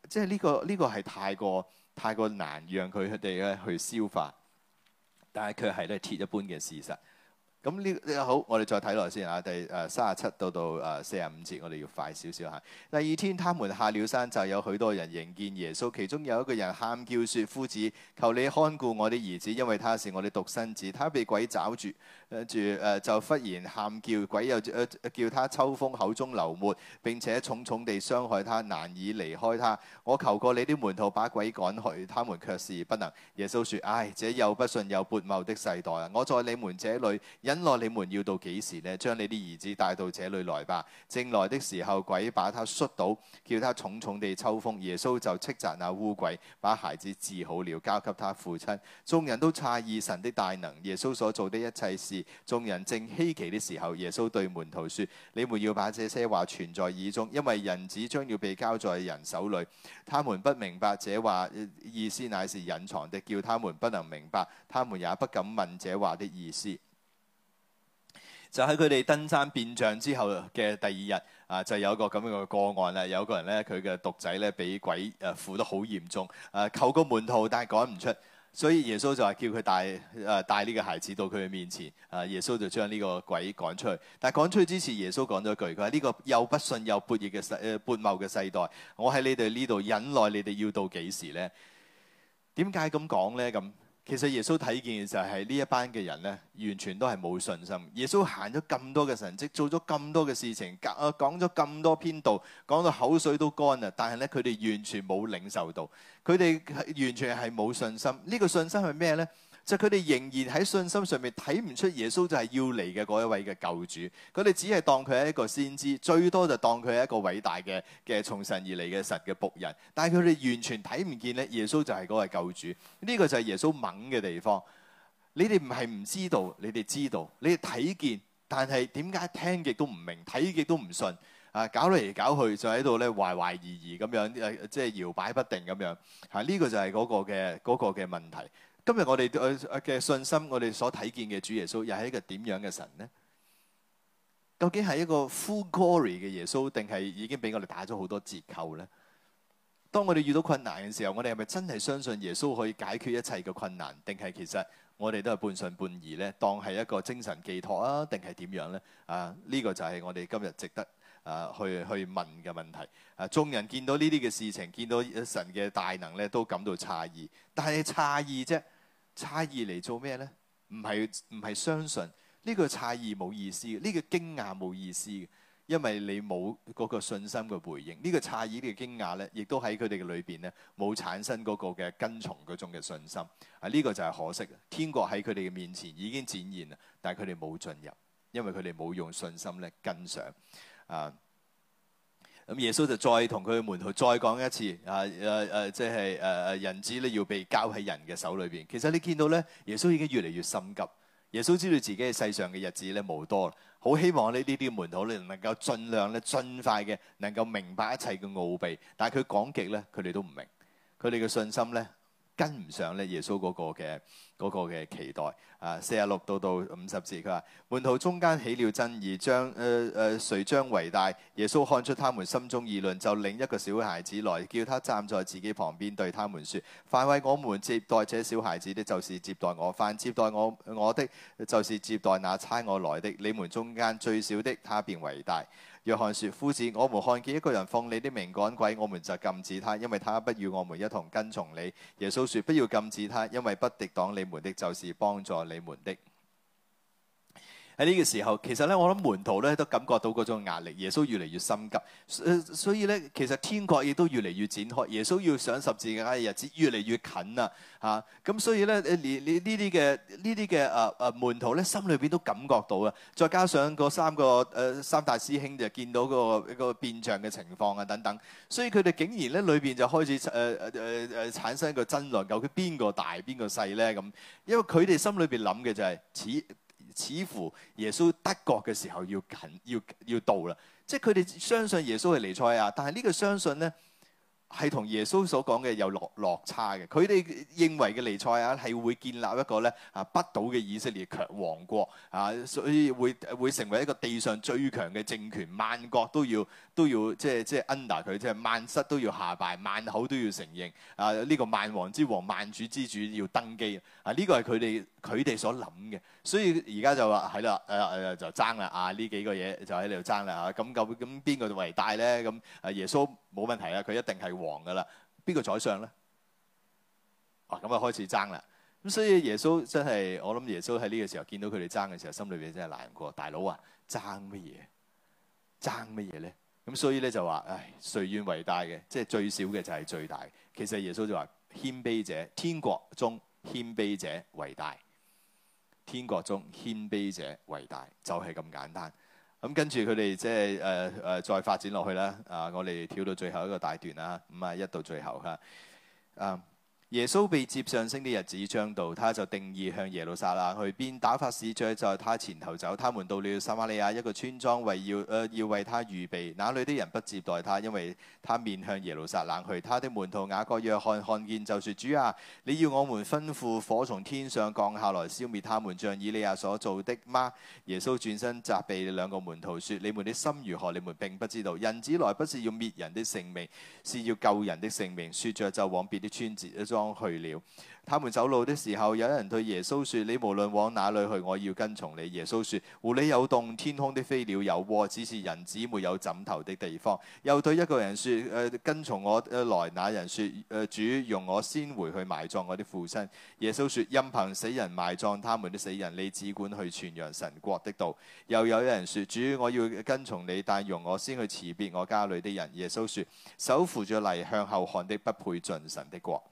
即係呢、這個呢、這個係太過太過難讓佢哋咧去消化，但係佢係咧鐵一般嘅事實。咁呢、這個、好，我哋再睇落先啊。第誒三十七到到誒四十五節，我哋要快少少吓。第二天，他們下了山，就有許多人迎見耶穌，其中有一個人喊叫說：夫子，求你看顧我的兒子，因為他是我的獨生子，他被鬼抓住。跟住誒就忽然喊叫鬼，鬼、呃、又叫他抽風，口中流沫，並且重重地傷害他，難以離開他。我求過你啲門徒把鬼趕去，他們卻是不能。耶穌說：哎「唉，這又不信又悖謬的世代啊！我在你們這裏忍耐你們要到幾時呢？將你啲兒子帶到這裏來吧。正來的時候，鬼把他摔倒，叫他重重地抽風。耶穌就斥責那污鬼，把孩子治好了，交給他父親。眾人都詫異神的大能，耶穌所做的一切事。眾人正稀奇的時候，耶穌對門徒說：你們要把這些話存在耳中，因為人子將要被交在人手裏。他們不明白這話意思，乃是隱藏的，叫他們不能明白。他們也不敢問這話的意思。就喺佢哋登山變像之後嘅第二日，啊，就有個咁樣嘅個，個案啦。有個人呢，佢嘅獨仔呢，俾鬼誒附、啊、得好嚴重，誒求個門徒，但係趕唔出。所以耶穌就話叫佢帶呢、呃、帶個孩子到佢嘅面前，啊、耶穌就將呢個鬼趕出去。但趕出去之前，耶穌講咗句：佢話呢個又不信又悖逆嘅世誒悖謬嘅世代，我喺你哋呢度忍耐你哋要到幾時呢？點解咁講咧？咁？其實耶穌睇見嘅就係呢一班嘅人咧，完全都係冇信心。耶穌行咗咁多嘅神蹟，做咗咁多嘅事情，講啊講咗咁多篇道，講到口水都乾啦，但係咧佢哋完全冇領受到，佢哋係完全係冇信心。呢個信心係咩咧？就佢哋仍然喺信心上面睇唔出耶穌就係要嚟嘅嗰一位嘅救主，佢哋只係當佢係一個先知，最多就當佢係一個偉大嘅嘅從神而嚟嘅神嘅僕人，但係佢哋完全睇唔見咧，耶穌就係嗰位救主。呢個就係耶穌猛嘅地方。你哋唔係唔知道，你哋知道，你哋睇見，但係點解聽極都唔明，睇極都唔信啊？搞嚟搞去就喺度咧，懷懷疑疑咁樣，即係搖擺不定咁樣。吓，呢個就係嗰個嘅嗰個嘅問題。今日我哋嘅信心，我哋所睇見嘅主耶穌，又係一個點樣嘅神呢？究竟係一個 full glory 嘅耶穌，定係已經俾我哋打咗好多折扣呢？當我哋遇到困難嘅時候，我哋係咪真係相信耶穌可以解決一切嘅困難，定係其實我哋都係半信半疑咧？當係一個精神寄託啊，定係點樣咧？啊，呢個就係我哋今日值得。誒、啊、去去問嘅問題，誒、啊、眾人見到呢啲嘅事情，見到神嘅大能咧，都感到詫異。但係詫異啫，詫異嚟做咩呢？唔係唔係相信呢個詫異冇意思嘅，呢個驚訝冇意思嘅，因為你冇嗰個信心嘅回應。呢個詫異嘅驚訝呢，亦都喺佢哋嘅裏邊呢，冇產生嗰個嘅跟從嗰種嘅信心啊。呢個就係可惜，天國喺佢哋嘅面前已經展現啦，但係佢哋冇進入，因為佢哋冇用信心咧跟上。啊！咁耶穌就再同佢嘅門徒再講一次啊！誒、啊、誒，即係誒誒，人子咧要被交喺人嘅手裏邊。其實你見到咧，耶穌已經越嚟越心急。耶穌知道自己喺世上嘅日子咧冇多啦，好希望呢呢啲門徒咧能夠盡量咧盡快嘅能夠明白一切嘅奧秘。但係佢講極咧，佢哋都唔明，佢哋嘅信心咧。跟唔上咧？耶穌嗰個嘅嗰個嘅期待啊，四十六到到五十節，佢話門徒中間起了爭議，將誒誒誰將為大？耶穌看出他們心中議論，就另一個小孩子來，叫他站在自己旁邊，對他們説：凡為我們接待這小孩子的就是接待我；凡接待我我的就是接待那差我來的。你們中間最小的，他便為大。約翰説：夫子，我們看見一個人奉你的名趕鬼，我們就禁止他，因為他不與我們一同跟從你。耶穌説：不要禁止他，因為不敵擋你們的，就是幫助你們的。喺呢個時候，其實咧，我諗門徒咧都感覺到嗰種壓力。耶穌越嚟越心急，所以咧，其實天國亦都越嚟越展開。耶穌要上十字架嘅日子越嚟越近啦，吓、啊。咁所以咧，你你呢啲嘅呢啲嘅誒誒門徒咧，心裏邊都感覺到啊。再加上嗰三個誒、呃、三大師兄就見到、嗰個一、嗰個嗰個變像嘅情況啊等等，所以佢哋竟然咧裏邊就開始誒誒誒誒產生一個爭論，究竟邊個大邊個細咧咁？因為佢哋心裏邊諗嘅就係、是、此。似乎耶穌得國嘅時候要近，要要到啦。即係佢哋相信耶穌係彌賽亞，但係呢個相信咧。係同耶穌所講嘅有落落差嘅，佢哋認為嘅彌賽亞，係會建立一個咧啊不倒嘅以色列強王國啊，所以會會成為一個地上最強嘅政權，萬國都要都要即係即係 under 佢，即係萬膝都要下拜，萬口都要承認啊！呢、這個萬王之王、萬主之主要登基啊！呢個係佢哋佢哋所諗嘅，所以而家就話係啦，誒誒、啊啊、就爭啦啊！呢幾個嘢就喺度爭啦嚇，咁咁咁邊個為大咧？咁啊耶穌冇問題啊，佢一定係。王噶啦，邊個宰相咧？啊，咁啊開始爭啦。咁所以耶穌真係，我諗耶穌喺呢個時候見到佢哋爭嘅時候，心裏邊真係難過。大佬啊，爭乜嘢？爭乜嘢咧？咁所以咧就話，唉，誰願為大嘅，即係最小嘅就係最大。其實耶穌就話，謙卑者天國中謙卑者為大，天國中謙卑者為大，就係、是、咁簡單。咁跟住佢哋即係誒誒再發展落去啦，啊！我哋跳到最後一個大段啦，咁啊一到最後嚇，嗯、啊。耶穌被接上升的日子將到，他就定意向耶路撒冷去。便打發使者在他前頭走，他們到了撒瑪利亞一個村莊，為要誒、呃、要為他預備。那裏的人不接待他，因為他面向耶路撒冷去。他的門徒雅各、約翰看見，就説：主啊，你要我們吩咐火從天上降下來，消滅他們，像以利亞所做的嗎？耶穌轉身責備兩個門徒説：你們的心如何？你們並不知道。人子來不是要滅人的性命，是要救人的性命。説着就往別的村子去了，他們走路的時候，有人對耶穌說：你無論往哪裏去，我要跟從你。耶穌說：狐狸有洞，天空的飛鳥有窩，只是人子沒有枕頭的地方。又對一個人說：誒、呃，跟從我來。那人說：誒、呃，主，容我先回去埋葬我的父親。耶穌說：任憑死人埋葬他們的死人，你只管去傳揚神國的道。又有人說：主，我要跟從你，但容我先去辭別我家裏的人。耶穌說：手扶着犁向後看的，不配進神的國。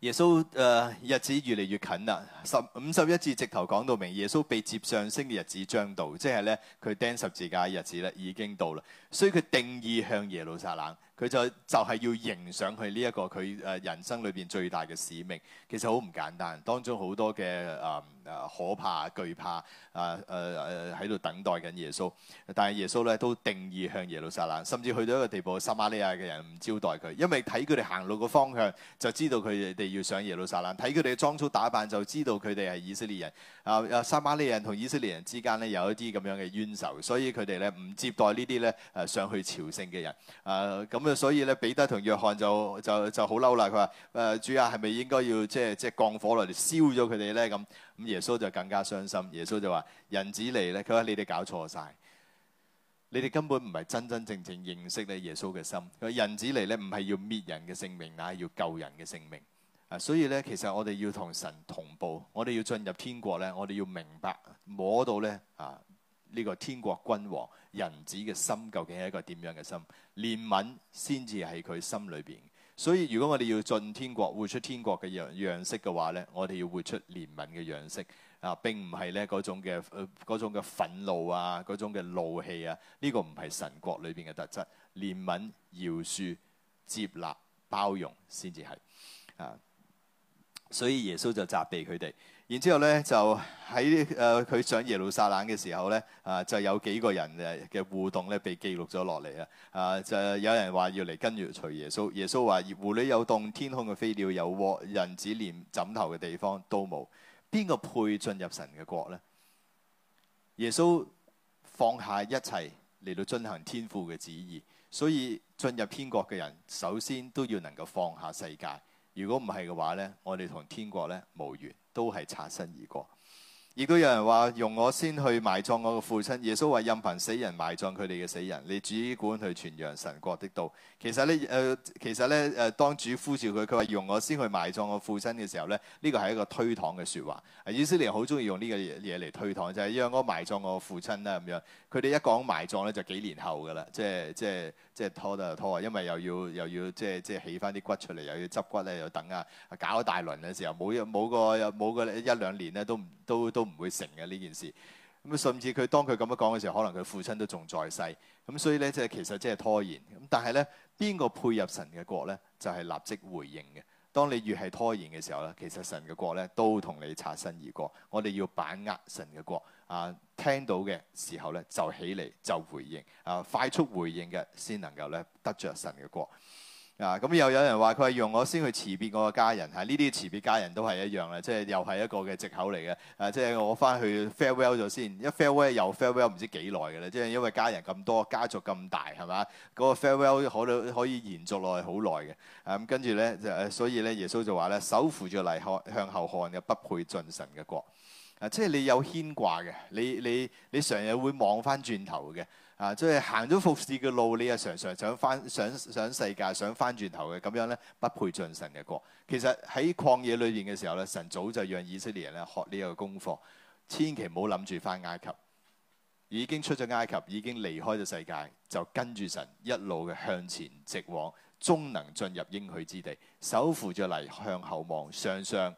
耶穌誒、呃、日子越嚟越近啦，十五十一字直頭講到明，耶穌被接上升嘅日子將到，即係呢，佢釘十字架嘅日子呢已經到啦。所以佢定意向耶路撒冷，佢就就係、是、要迎上佢呢一個佢誒人生裏邊最大嘅使命。其實好唔簡單，當中好多嘅誒誒可怕、懼怕啊誒誒喺度等待緊耶穌，但係耶穌咧都定意向耶路撒冷，甚至去到一個地步，撒瑪利亞嘅人唔招待佢，因為睇佢哋行路嘅方向就知道佢哋要上耶路撒冷，睇佢哋裝束打扮就知道佢哋係以色列人。啊啊，撒瑪利亞人同以色列人之間咧有一啲咁樣嘅冤仇，所以佢哋咧唔接待呢啲咧誒。啊啊上去朝聖嘅人，誒，咁啊，所以咧，彼得同約翰就就就好嬲啦，佢話，誒、呃，主啊，係咪應該要即係即係降火落嚟燒咗佢哋咧？咁，咁耶穌就更加傷心，耶穌就話，人子嚟咧，佢話你哋搞錯晒，你哋根本唔係真真正正認識咧耶穌嘅心，佢話人子嚟咧唔係要滅人嘅性命，乃係要救人嘅性命，啊，所以咧，其實我哋要同神同步，我哋要進入天國咧，我哋要明白摸到咧，啊。呢個天國君王人子嘅心究竟係一個點樣嘅心？憐憫先至係佢心裏邊。所以如果我哋要進天國，活出天國嘅樣樣式嘅話呢，我哋要活出憐憫嘅樣式啊，並唔係呢嗰種嘅嗰種嘅憤怒啊，嗰種嘅怒氣啊，呢個唔係神國裏邊嘅特質。憐憫、饒恕、接納、包容先至係啊。所以耶穌就責備佢哋。然之後咧，就喺誒佢上耶路撒冷嘅時候咧，啊，就有幾個人誒嘅互動咧，被記錄咗落嚟啊。啊，就有人話要嚟跟住，隨耶穌。耶穌話：狐狸有洞，天空嘅飛鳥有窩，人子連枕頭嘅地方都冇，邊個配進入神嘅國咧？耶穌放下一切嚟到進行天父嘅旨意，所以進入天國嘅人首先都要能夠放下世界。如果唔係嘅話咧，我哋同天國咧無緣。都係擦身而過。如果有人話容我先去埋葬我嘅父親，耶穌話任憑死人埋葬佢哋嘅死人，你只管去傳揚神國的道。其實咧，誒、呃，其實咧，誒、呃，當主呼召佢，佢話用我先去埋葬我父親嘅時候咧，呢、這個係一個推搪嘅説話。啊，以色列好中意用呢個嘢嚟推搪，就係、是、讓我埋葬我父親啦咁樣。佢哋一講埋葬咧，就幾年後噶啦，即係即係即係拖得又拖，拖，因為又要又要即係即係起翻啲骨出嚟，又要執骨咧，又，又等啊，搞一大輪嘅時候，冇冇個冇個，個一兩年咧，都都都唔會成嘅呢件事。咁、嗯、啊，甚至佢當佢咁樣講嘅時候，可能佢父親都仲在世。咁所以咧，即係其實即係拖延。咁但係咧，邊個配入神嘅國咧，就係立即回應嘅。當你越係拖延嘅時候咧，其實神嘅國咧都同你擦身而過。我哋要把握神嘅國啊！聽到嘅時候咧，就起嚟就回應啊！快速回應嘅先能夠咧得着神嘅國。啊，咁、嗯嗯、又有人話佢係用我先去辭別我個家人嚇，呢啲辭別家人都係一樣啦，即係又係一個嘅藉口嚟嘅。啊，即係我翻去 farewell 咗先，一 farewell 又 farewell 唔知幾耐嘅啦，即係因為家人咁多，家族咁大，係嘛？嗰、那個 farewell 可以可，以可以延續落去好耐嘅。啊、嗯，咁跟住咧就，所以咧耶穌就話咧，守扶住嚟看向後看嘅不配進神嘅國。啊，即係你有牽掛嘅，你你你，你成日會望翻轉頭嘅。啊！即係行咗服侍嘅路，你係常常想翻想想世界，想翻轉頭嘅咁樣咧，不配進神嘅國。其實喺曠野裏邊嘅時候咧，神早就讓以色列人咧學呢一個功課，千祈唔好諗住翻埃及，已經出咗埃及，已經離開咗世界，就跟住神一路嘅向前直往，終能進入應許之地。手扶着犁向後望，上上。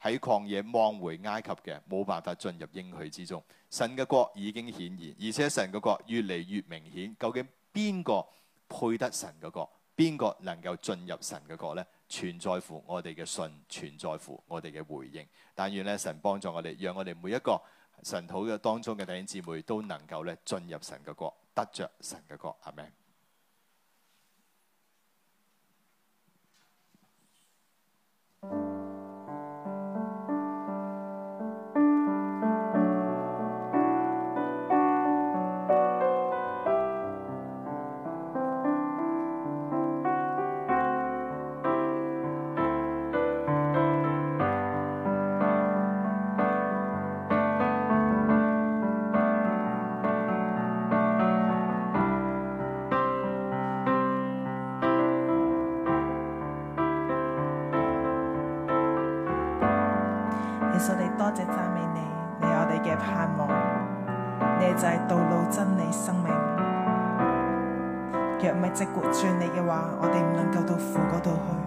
喺曠野望回埃及嘅，冇辦法進入應許之中。神嘅國已經顯現，而且神嘅國越嚟越明顯。究竟邊個配得神嘅國？邊個能夠進入神嘅國呢？全在乎我哋嘅信，全在乎我哋嘅回應。但願咧神幫助我哋，讓我哋每一個神土嘅當中嘅弟兄姊妹都能夠咧進入神嘅國，得着神嘅國。阿門。我哋唔能夠到富嗰度去。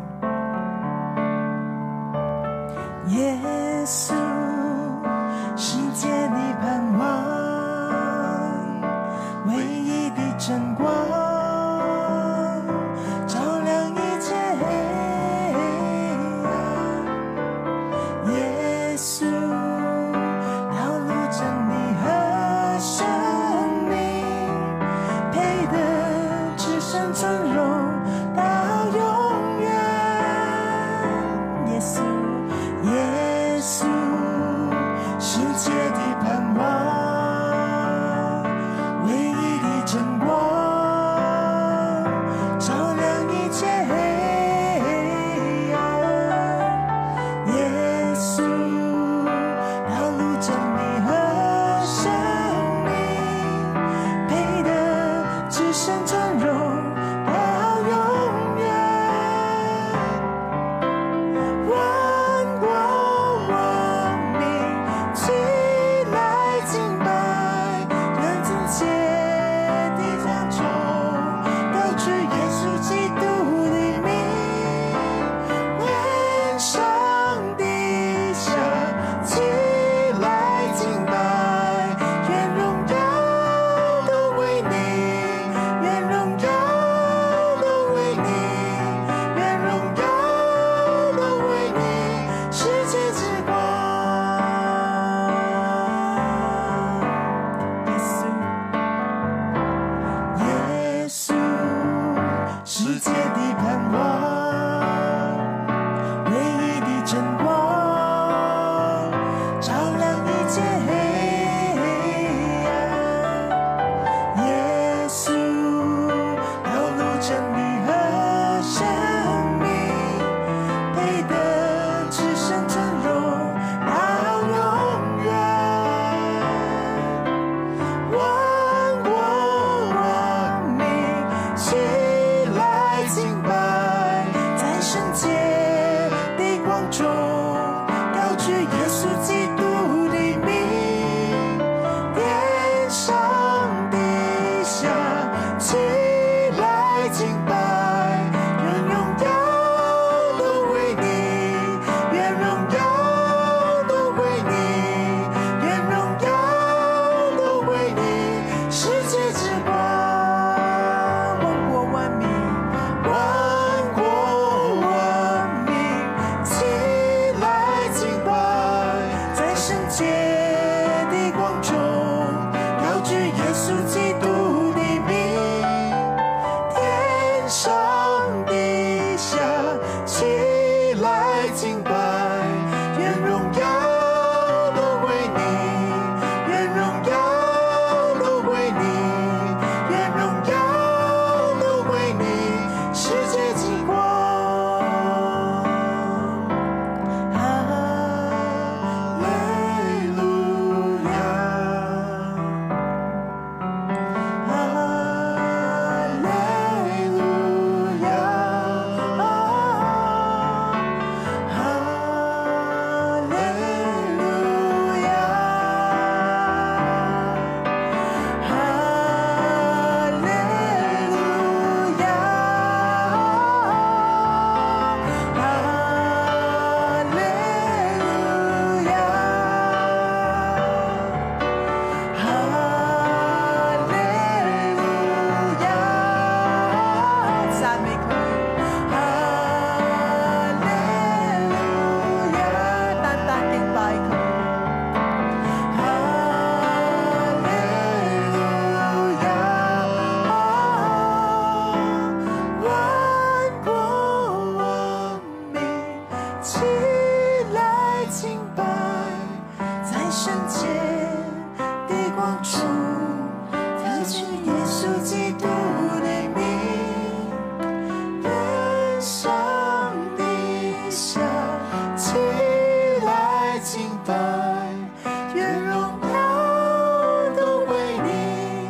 願榮耀都歸你，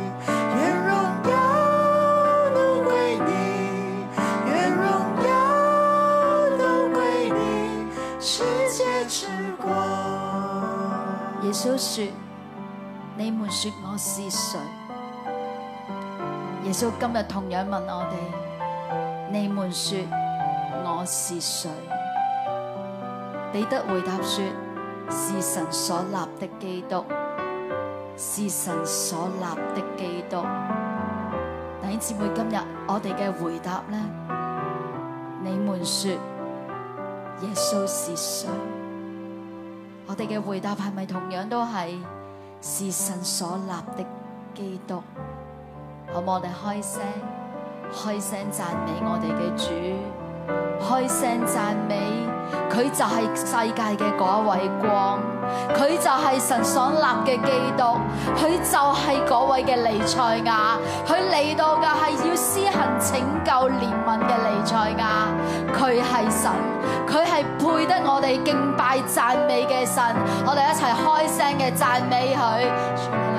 願榮耀都歸你，願榮耀都歸你，世界之光。耶穌說：你們說我是誰？耶穌今日同樣問我哋：你們說我是誰？彼得回答說：是神所立的基督，是神所立的基督。弟兄姊妹，今日我哋嘅回答咧，你們說耶穌是誰？我哋嘅回答係咪同樣都係是，是神所立的基督？好，我哋開聲，開聲讚美我哋嘅主。開聲讚美，佢就係世界嘅嗰位光，佢就係神所立嘅基督，佢就係嗰位嘅彌賽亞，佢嚟到嘅係要施行拯救憐憫嘅彌賽亞，佢係神，佢係配得我哋敬拜讚美嘅神，我哋一齊開聲嘅讚美佢。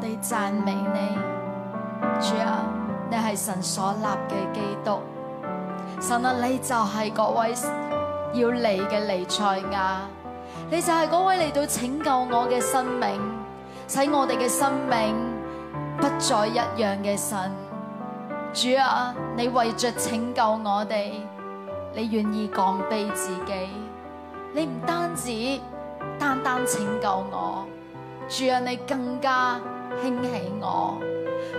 我哋讚美你，主啊，你係神所立嘅基督，神啊，你就係嗰位要嚟嘅彌賽亞，你就係嗰位嚟到拯救我嘅生命，使我哋嘅生命不再一樣嘅神，主啊，你為着拯救我哋，你願意降卑自己，你唔單止單單拯救我，主啊，你更加。興起我，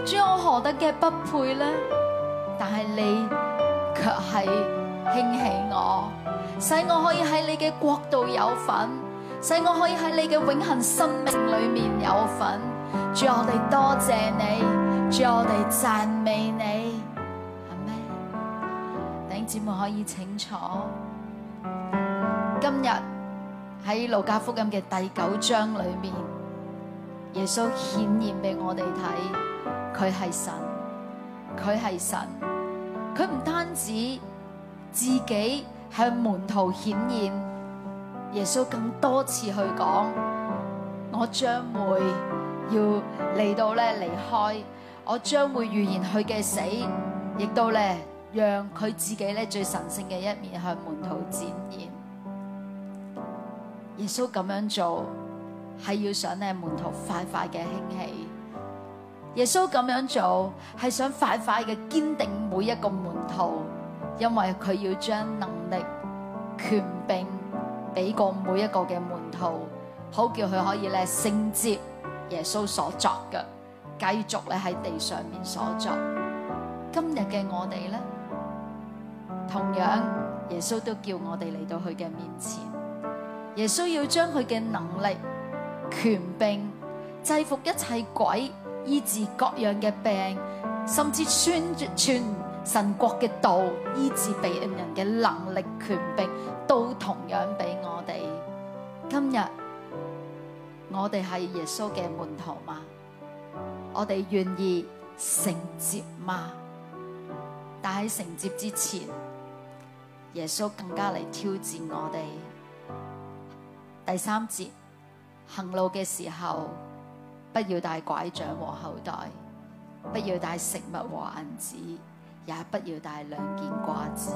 主我何德嘅不配咧，但係你卻係興起我，使我可以喺你嘅國度有份，使我可以喺你嘅永恆生命裏面有份。主我哋多謝你，主我哋讚美你，係咪？等姊妹可以清楚，今日喺路加福音嘅第九章裏面。耶穌顯現俾我哋睇，佢係神，佢係神，佢唔單止自己向門徒顯現，耶穌更多次去講，我將會要嚟到咧離開，我將會預言佢嘅死，亦都咧讓佢自己咧最神聖嘅一面向門徒展現。耶穌咁樣做。係要想咧門徒快快嘅興起，耶穌咁樣做係想快快嘅堅定每一個門徒，因為佢要將能力權柄俾過每一個嘅門徒，好叫佢可以咧承接耶穌所作嘅，繼續咧喺地上面所作。今日嘅我哋咧，同樣耶穌都叫我哋嚟到佢嘅面前，耶穌要將佢嘅能力。權柄制服一切鬼，醫治各樣嘅病，甚至宣傳神國嘅道，醫治病人嘅能力、權柄都同樣俾我哋。今日我哋係耶穌嘅門徒嗎？我哋願意承接嗎？但喺承接之前，耶穌更加嚟挑戰我哋。第三節。行路嘅時候，不要帶拐杖和口袋，不要帶食物和銀紙，也不要帶兩件褂子。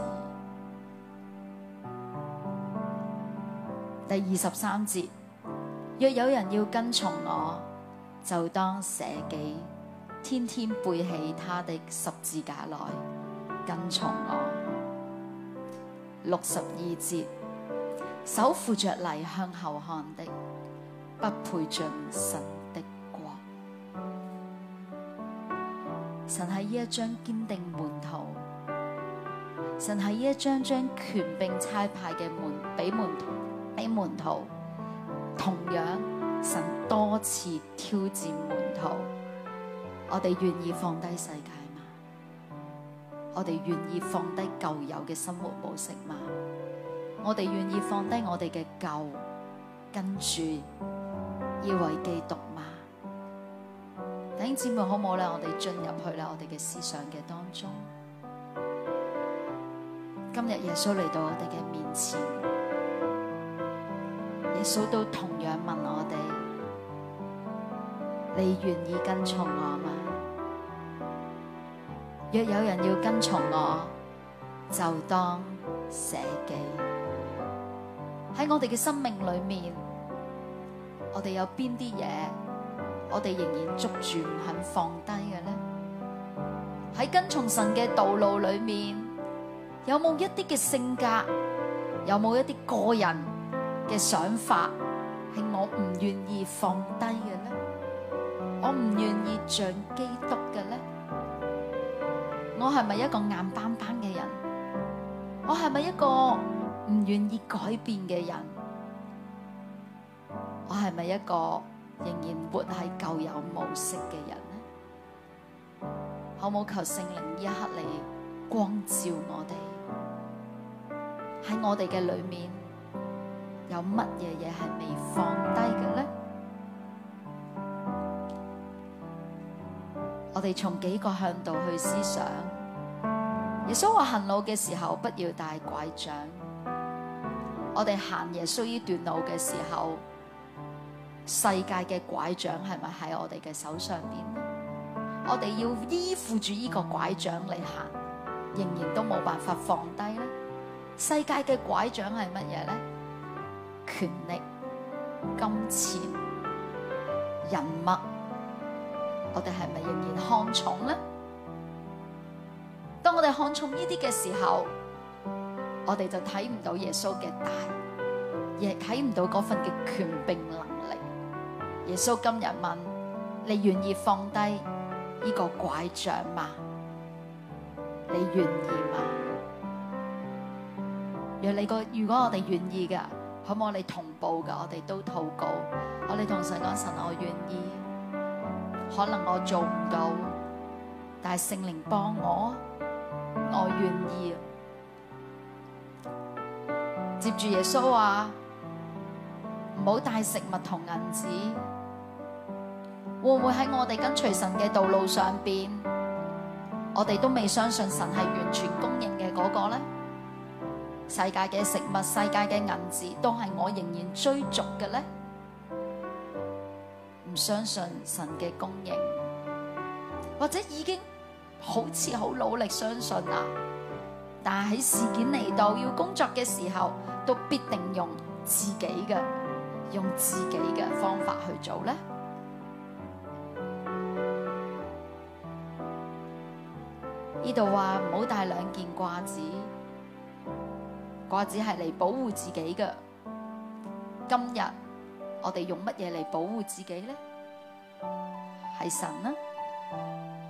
第二十三節：若有人要跟從我，就當捨己，天天背起他的十字架來跟從我。六十二節：手扶着犁向後看的，不配進神的國。神喺呢一章堅定門徒，神喺呢一章將權柄差派嘅門，俾門徒俾門徒同樣神多次挑戰門徒。我哋願意放低世界嗎？我哋願意放低舊有嘅生活模式嗎？我哋願意放低我哋嘅舊跟住？要為基督嘛，弟兄姐妹好唔好咧？我哋進入去啦，我哋嘅思想嘅當中。今日耶穌嚟到我哋嘅面前，耶穌都同樣問我哋：你願意跟從我嗎？若有人要跟從我，就當捨己。喺我哋嘅生命裏面。我哋有邊啲嘢，我哋仍然捉住唔肯放低嘅呢？喺跟從神嘅道路裏面，有冇一啲嘅性格，有冇一啲個人嘅想法，係我唔願意放低嘅呢？我唔願意像基督嘅呢？我係咪一個硬梆梆嘅人？我係咪一個唔願意改變嘅人？我係咪一個仍然活喺舊有模式嘅人呢？好唔好求聖靈呢一刻嚟光照我哋，喺我哋嘅裏面有乜嘢嘢係未放低嘅呢？我哋從幾個向度去思想。耶穌話行路嘅時候不要帶拐杖，我哋行耶穌呢段路嘅時候。世界嘅拐杖係咪喺我哋嘅手上邊？我哋要依附住依個拐杖嚟行，仍然都冇辦法放低咧。世界嘅拐杖係乜嘢咧？權力、金錢、人脈，我哋係咪仍然看重咧？當我哋看重呢啲嘅時候，我哋就睇唔到耶穌嘅大，亦睇唔到嗰份嘅權柄喇。耶穌今日問：你願意放低呢個拐杖嗎？你願意嗎？若你個如果我哋願意嘅，可唔可以同步嘅？我哋都禱告，我哋同神講：神，我願意。可能我做唔到，但係聖靈幫我，我願意。接住耶穌話、啊：唔好帶食物同銀紙。會唔會喺我哋跟隨神嘅道路上邊，我哋都未相信神係完全供應嘅嗰個呢？世界嘅食物、世界嘅銀紙，都係我仍然追逐嘅呢？唔相信神嘅供應，或者已經好似好努力相信喇，但係喺事件嚟到要工作嘅時候，都必定用自己嘅、用自己嘅方法去做呢？呢度話唔好帶兩件褂子，褂子係嚟保護自己㗎。今日我哋用乜嘢嚟保護自己咧？係神啊，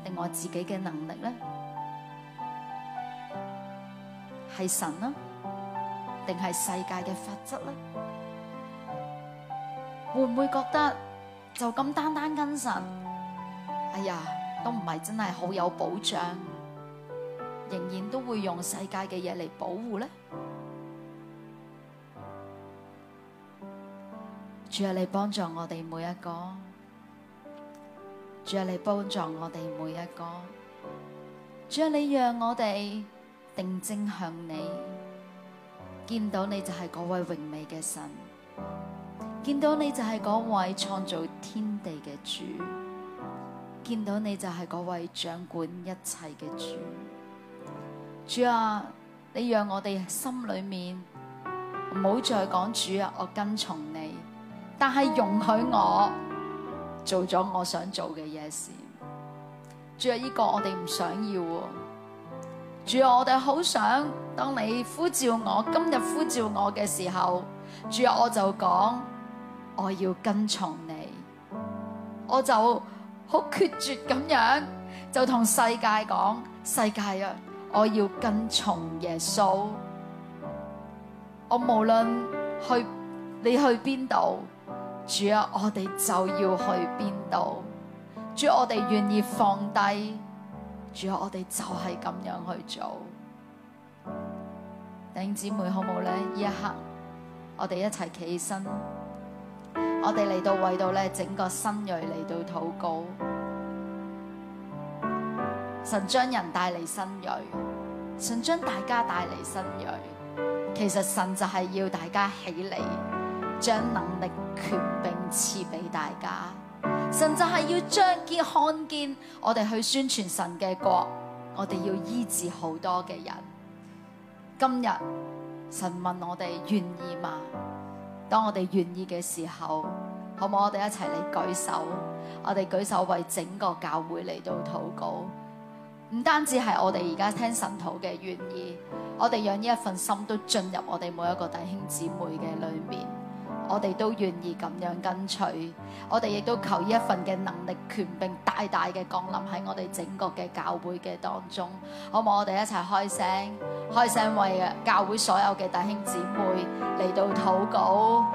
定我自己嘅能力咧？係神啊，定係世界嘅法則咧？會唔會覺得就咁單單跟神？哎呀，都唔係真係好有保障。仍然都會用世界嘅嘢嚟保護咧。主啊，你幫助我哋每一個。主啊，你幫助我哋每一個。主啊，你讓我哋定睛向你，見到你就係嗰位榮美嘅神，見到你就係嗰位創造天地嘅主，見到你就係嗰位掌管一切嘅主。主啊，你讓我哋心裏面唔好再講主啊。我跟從你，但係容許我做咗我想做嘅嘢事。主啊，呢個我哋唔想要。主啊，我哋好想當你呼召我今日呼召我嘅時候，主啊，我就講我要跟從你，我就好決絕咁樣就同世界講世界啊！我要跟從耶穌，我無論去你去邊度，主啊，我哋就要去邊度。主啊，我哋願意放低，主啊，我哋就係咁樣去做。弟兄姊妹好唔好咧？呢一刻，我哋一齊企起身，我哋嚟到位度咧，整個新蕊嚟到禱告。神將人帶嚟新蕊，神將大家帶嚟新蕊。其實神就係要大家起嚟，將能力權柄賜俾大家。神就係要將見看見我哋去宣傳神嘅國，我哋要醫治好多嘅人。今日神問我哋願意嗎？當我哋願意嘅時候，好唔好？我哋一齊嚟舉手。我哋舉手為整個教會嚟到禱告。唔單止係我哋而家聽神禱嘅願意，我哋讓呢一份心都進入我哋每一個弟兄姊妹嘅裏面，我哋都願意咁樣跟隨，我哋亦都求呢一份嘅能力權柄大大嘅降臨喺我哋整個嘅教會嘅當中，好唔好？我哋一齊開聲，開聲為教會所有嘅弟兄姊妹嚟到禱告，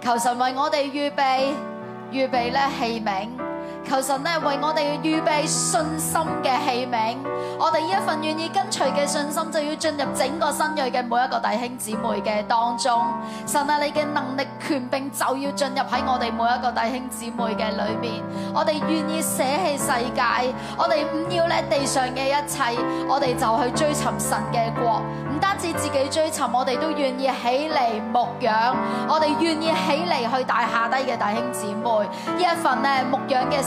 求神為我哋預備，預備咧器皿。求神咧為我哋要預備信心嘅器皿，我哋呢一份願意跟隨嘅信心就要進入整個新銳嘅每一個弟兄姊妹嘅當中。神啊，你嘅能力權柄就要進入喺我哋每一個弟兄姊妹嘅裏邊。我哋願意捨棄世界，我哋唔要咧地上嘅一切，我哋就去追尋神嘅國。唔單止自己追尋，我哋都願意起嚟牧養，我哋願意起嚟去大廈低嘅弟兄姊妹。呢一份咧牧養嘅。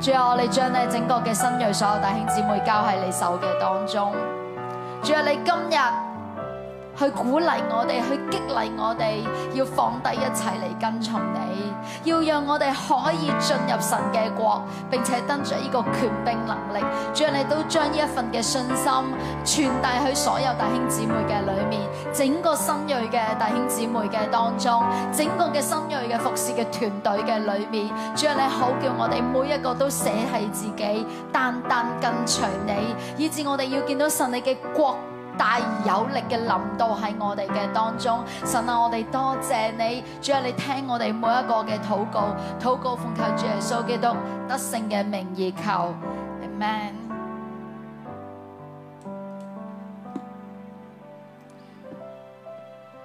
最後我哋將你整個嘅新銳所有弟兄姊妹交喺你手嘅當中。主啊，你今日。去鼓勵我哋，去激勵我哋，要放低一切嚟跟從你，要讓我哋可以進入神嘅國，並且登上呢個權柄能力。主啊，你都將呢一份嘅信心傳遞去所有弟兄姊妹嘅裏面，整個新銳嘅弟兄姊妹嘅當中，整個嘅新銳嘅服侍嘅團隊嘅裏面，主啊，你好叫我哋每一個都捨棄自己，單單跟隨你，以至我哋要見到神你嘅國。大而有力嘅臨到喺我哋嘅當中，神啊，我哋多謝，謝你，主要你聽我哋每一個嘅禱告，禱告奉靠主耶穌基督得勝嘅名義求，amen。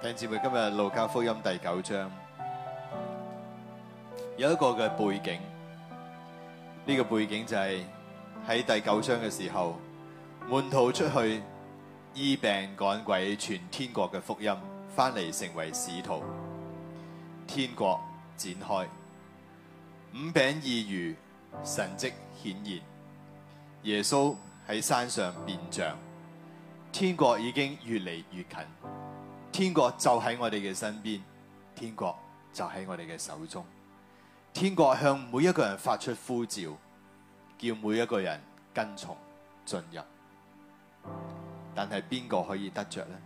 弟兄姊妹，今日路加福音第九章有一個嘅背景，呢、這個背景就係喺第九章嘅時候，門徒出去。醫病趕鬼，傳天國嘅福音，翻嚟成為使徒。天國展開，五餅二魚，神蹟顯現。耶穌喺山上變像，天國已經越嚟越近，天國就喺我哋嘅身邊，天國就喺我哋嘅手中，天國向每一個人發出呼召，叫每一個人跟從進入。但係邊個可以得着呢？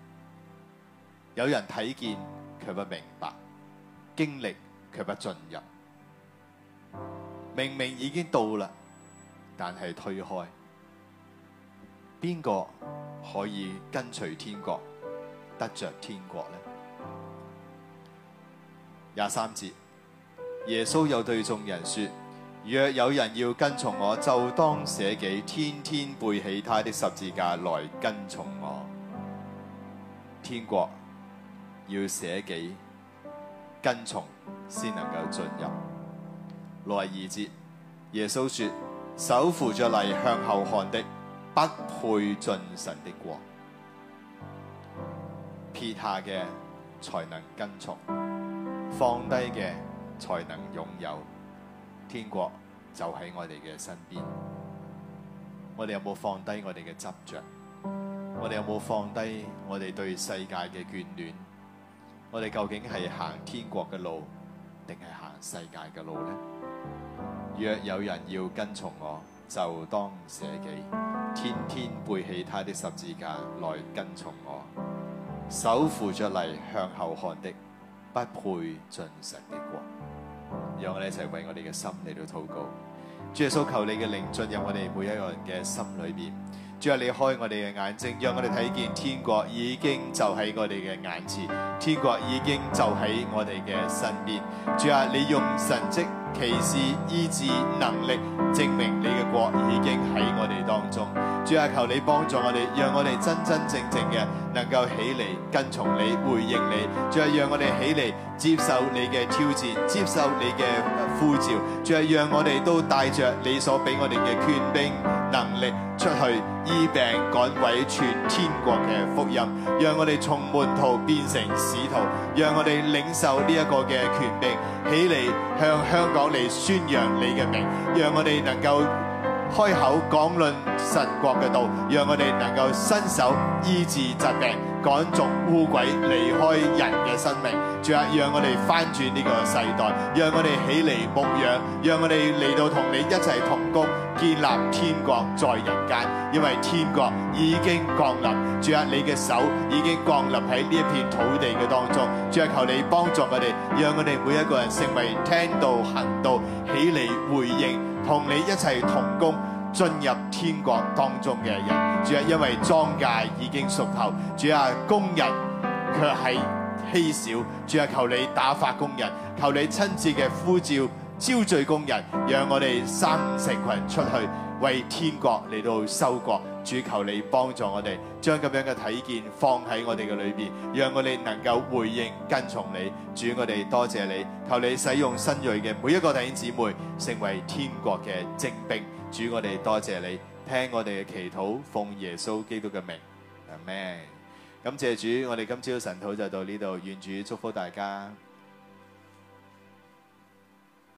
有人睇見，卻不明白；經歷卻不進入。明明已經到啦，但係退開。邊個可以跟隨天國，得着天國呢？廿三節，耶穌又對眾人說：若有人要跟從我，就當捨己，天天背起他的十字架來跟從我。天國要捨己跟從，先能夠進入。六二節，耶穌說：手扶着犁向後看的，不配進神的國；撇下嘅才能跟從，放低嘅才能擁有。天國就喺我哋嘅身邊，我哋有冇放低我哋嘅執着？我哋有冇放低我哋對世界嘅眷戀？我哋究竟係行天國嘅路，定係行世界嘅路呢？若有人要跟從我，就當捨己，天天背起他的十字架來跟從我。手扶着犁向後看的，不配進神的國。讓我哋一齊為我哋嘅心嚟到禱告，主耶穌求你嘅靈進入我哋每一個人嘅心裏邊，主啊，你開我哋嘅眼睛，讓我哋睇見天國已經就喺我哋嘅眼前，天國已經就喺我哋嘅身邊，主啊，你用神蹟奇事醫治能力證明你嘅國已經喺我哋當中。主啊，求你幫助我哋，讓我哋真真正正嘅能夠起嚟跟從你、回應你。仲係讓我哋起嚟接受你嘅挑戰，接受你嘅呼召。仲係讓我哋都帶著你所俾我哋嘅權柄、能力出去醫病趕鬼，傳天國嘅福音。讓我哋從門徒變成使徒，讓我哋領受呢一個嘅權柄，起嚟向香港嚟宣揚你嘅名。讓我哋能夠，開口講論神國嘅道，讓我哋能夠伸手醫治疾病，趕逐污鬼離開人嘅生命。主啊，讓我哋翻轉呢個世代，讓我哋起嚟牧羊，讓我哋嚟到同你一齊同工，建立天國在人間。因為天國已經降臨，主啊，你嘅手已經降臨喺呢一片土地嘅當中。主啊，求你幫助我哋，讓我哋每一個人成為聽道行道，起嚟回應。同你一齊同工進入天國當中嘅人，主啊，因為莊稼已經熟透，主啊，工人卻係稀少，主啊，求你打發工人，求你親切嘅呼召招聚工人，讓我哋三五成群出去為天國嚟到收割。主求你幫助我哋，將咁樣嘅睇見放喺我哋嘅裏邊，讓我哋能夠回應跟從你。主我哋多謝你，求你使用新銳嘅每一個弟兄姊妹，成為天國嘅精兵。主我哋多謝你，聽我哋嘅祈禱，奉耶穌基督嘅名，阿門。感謝主，我哋今朝神討就到呢度，願主祝福大家。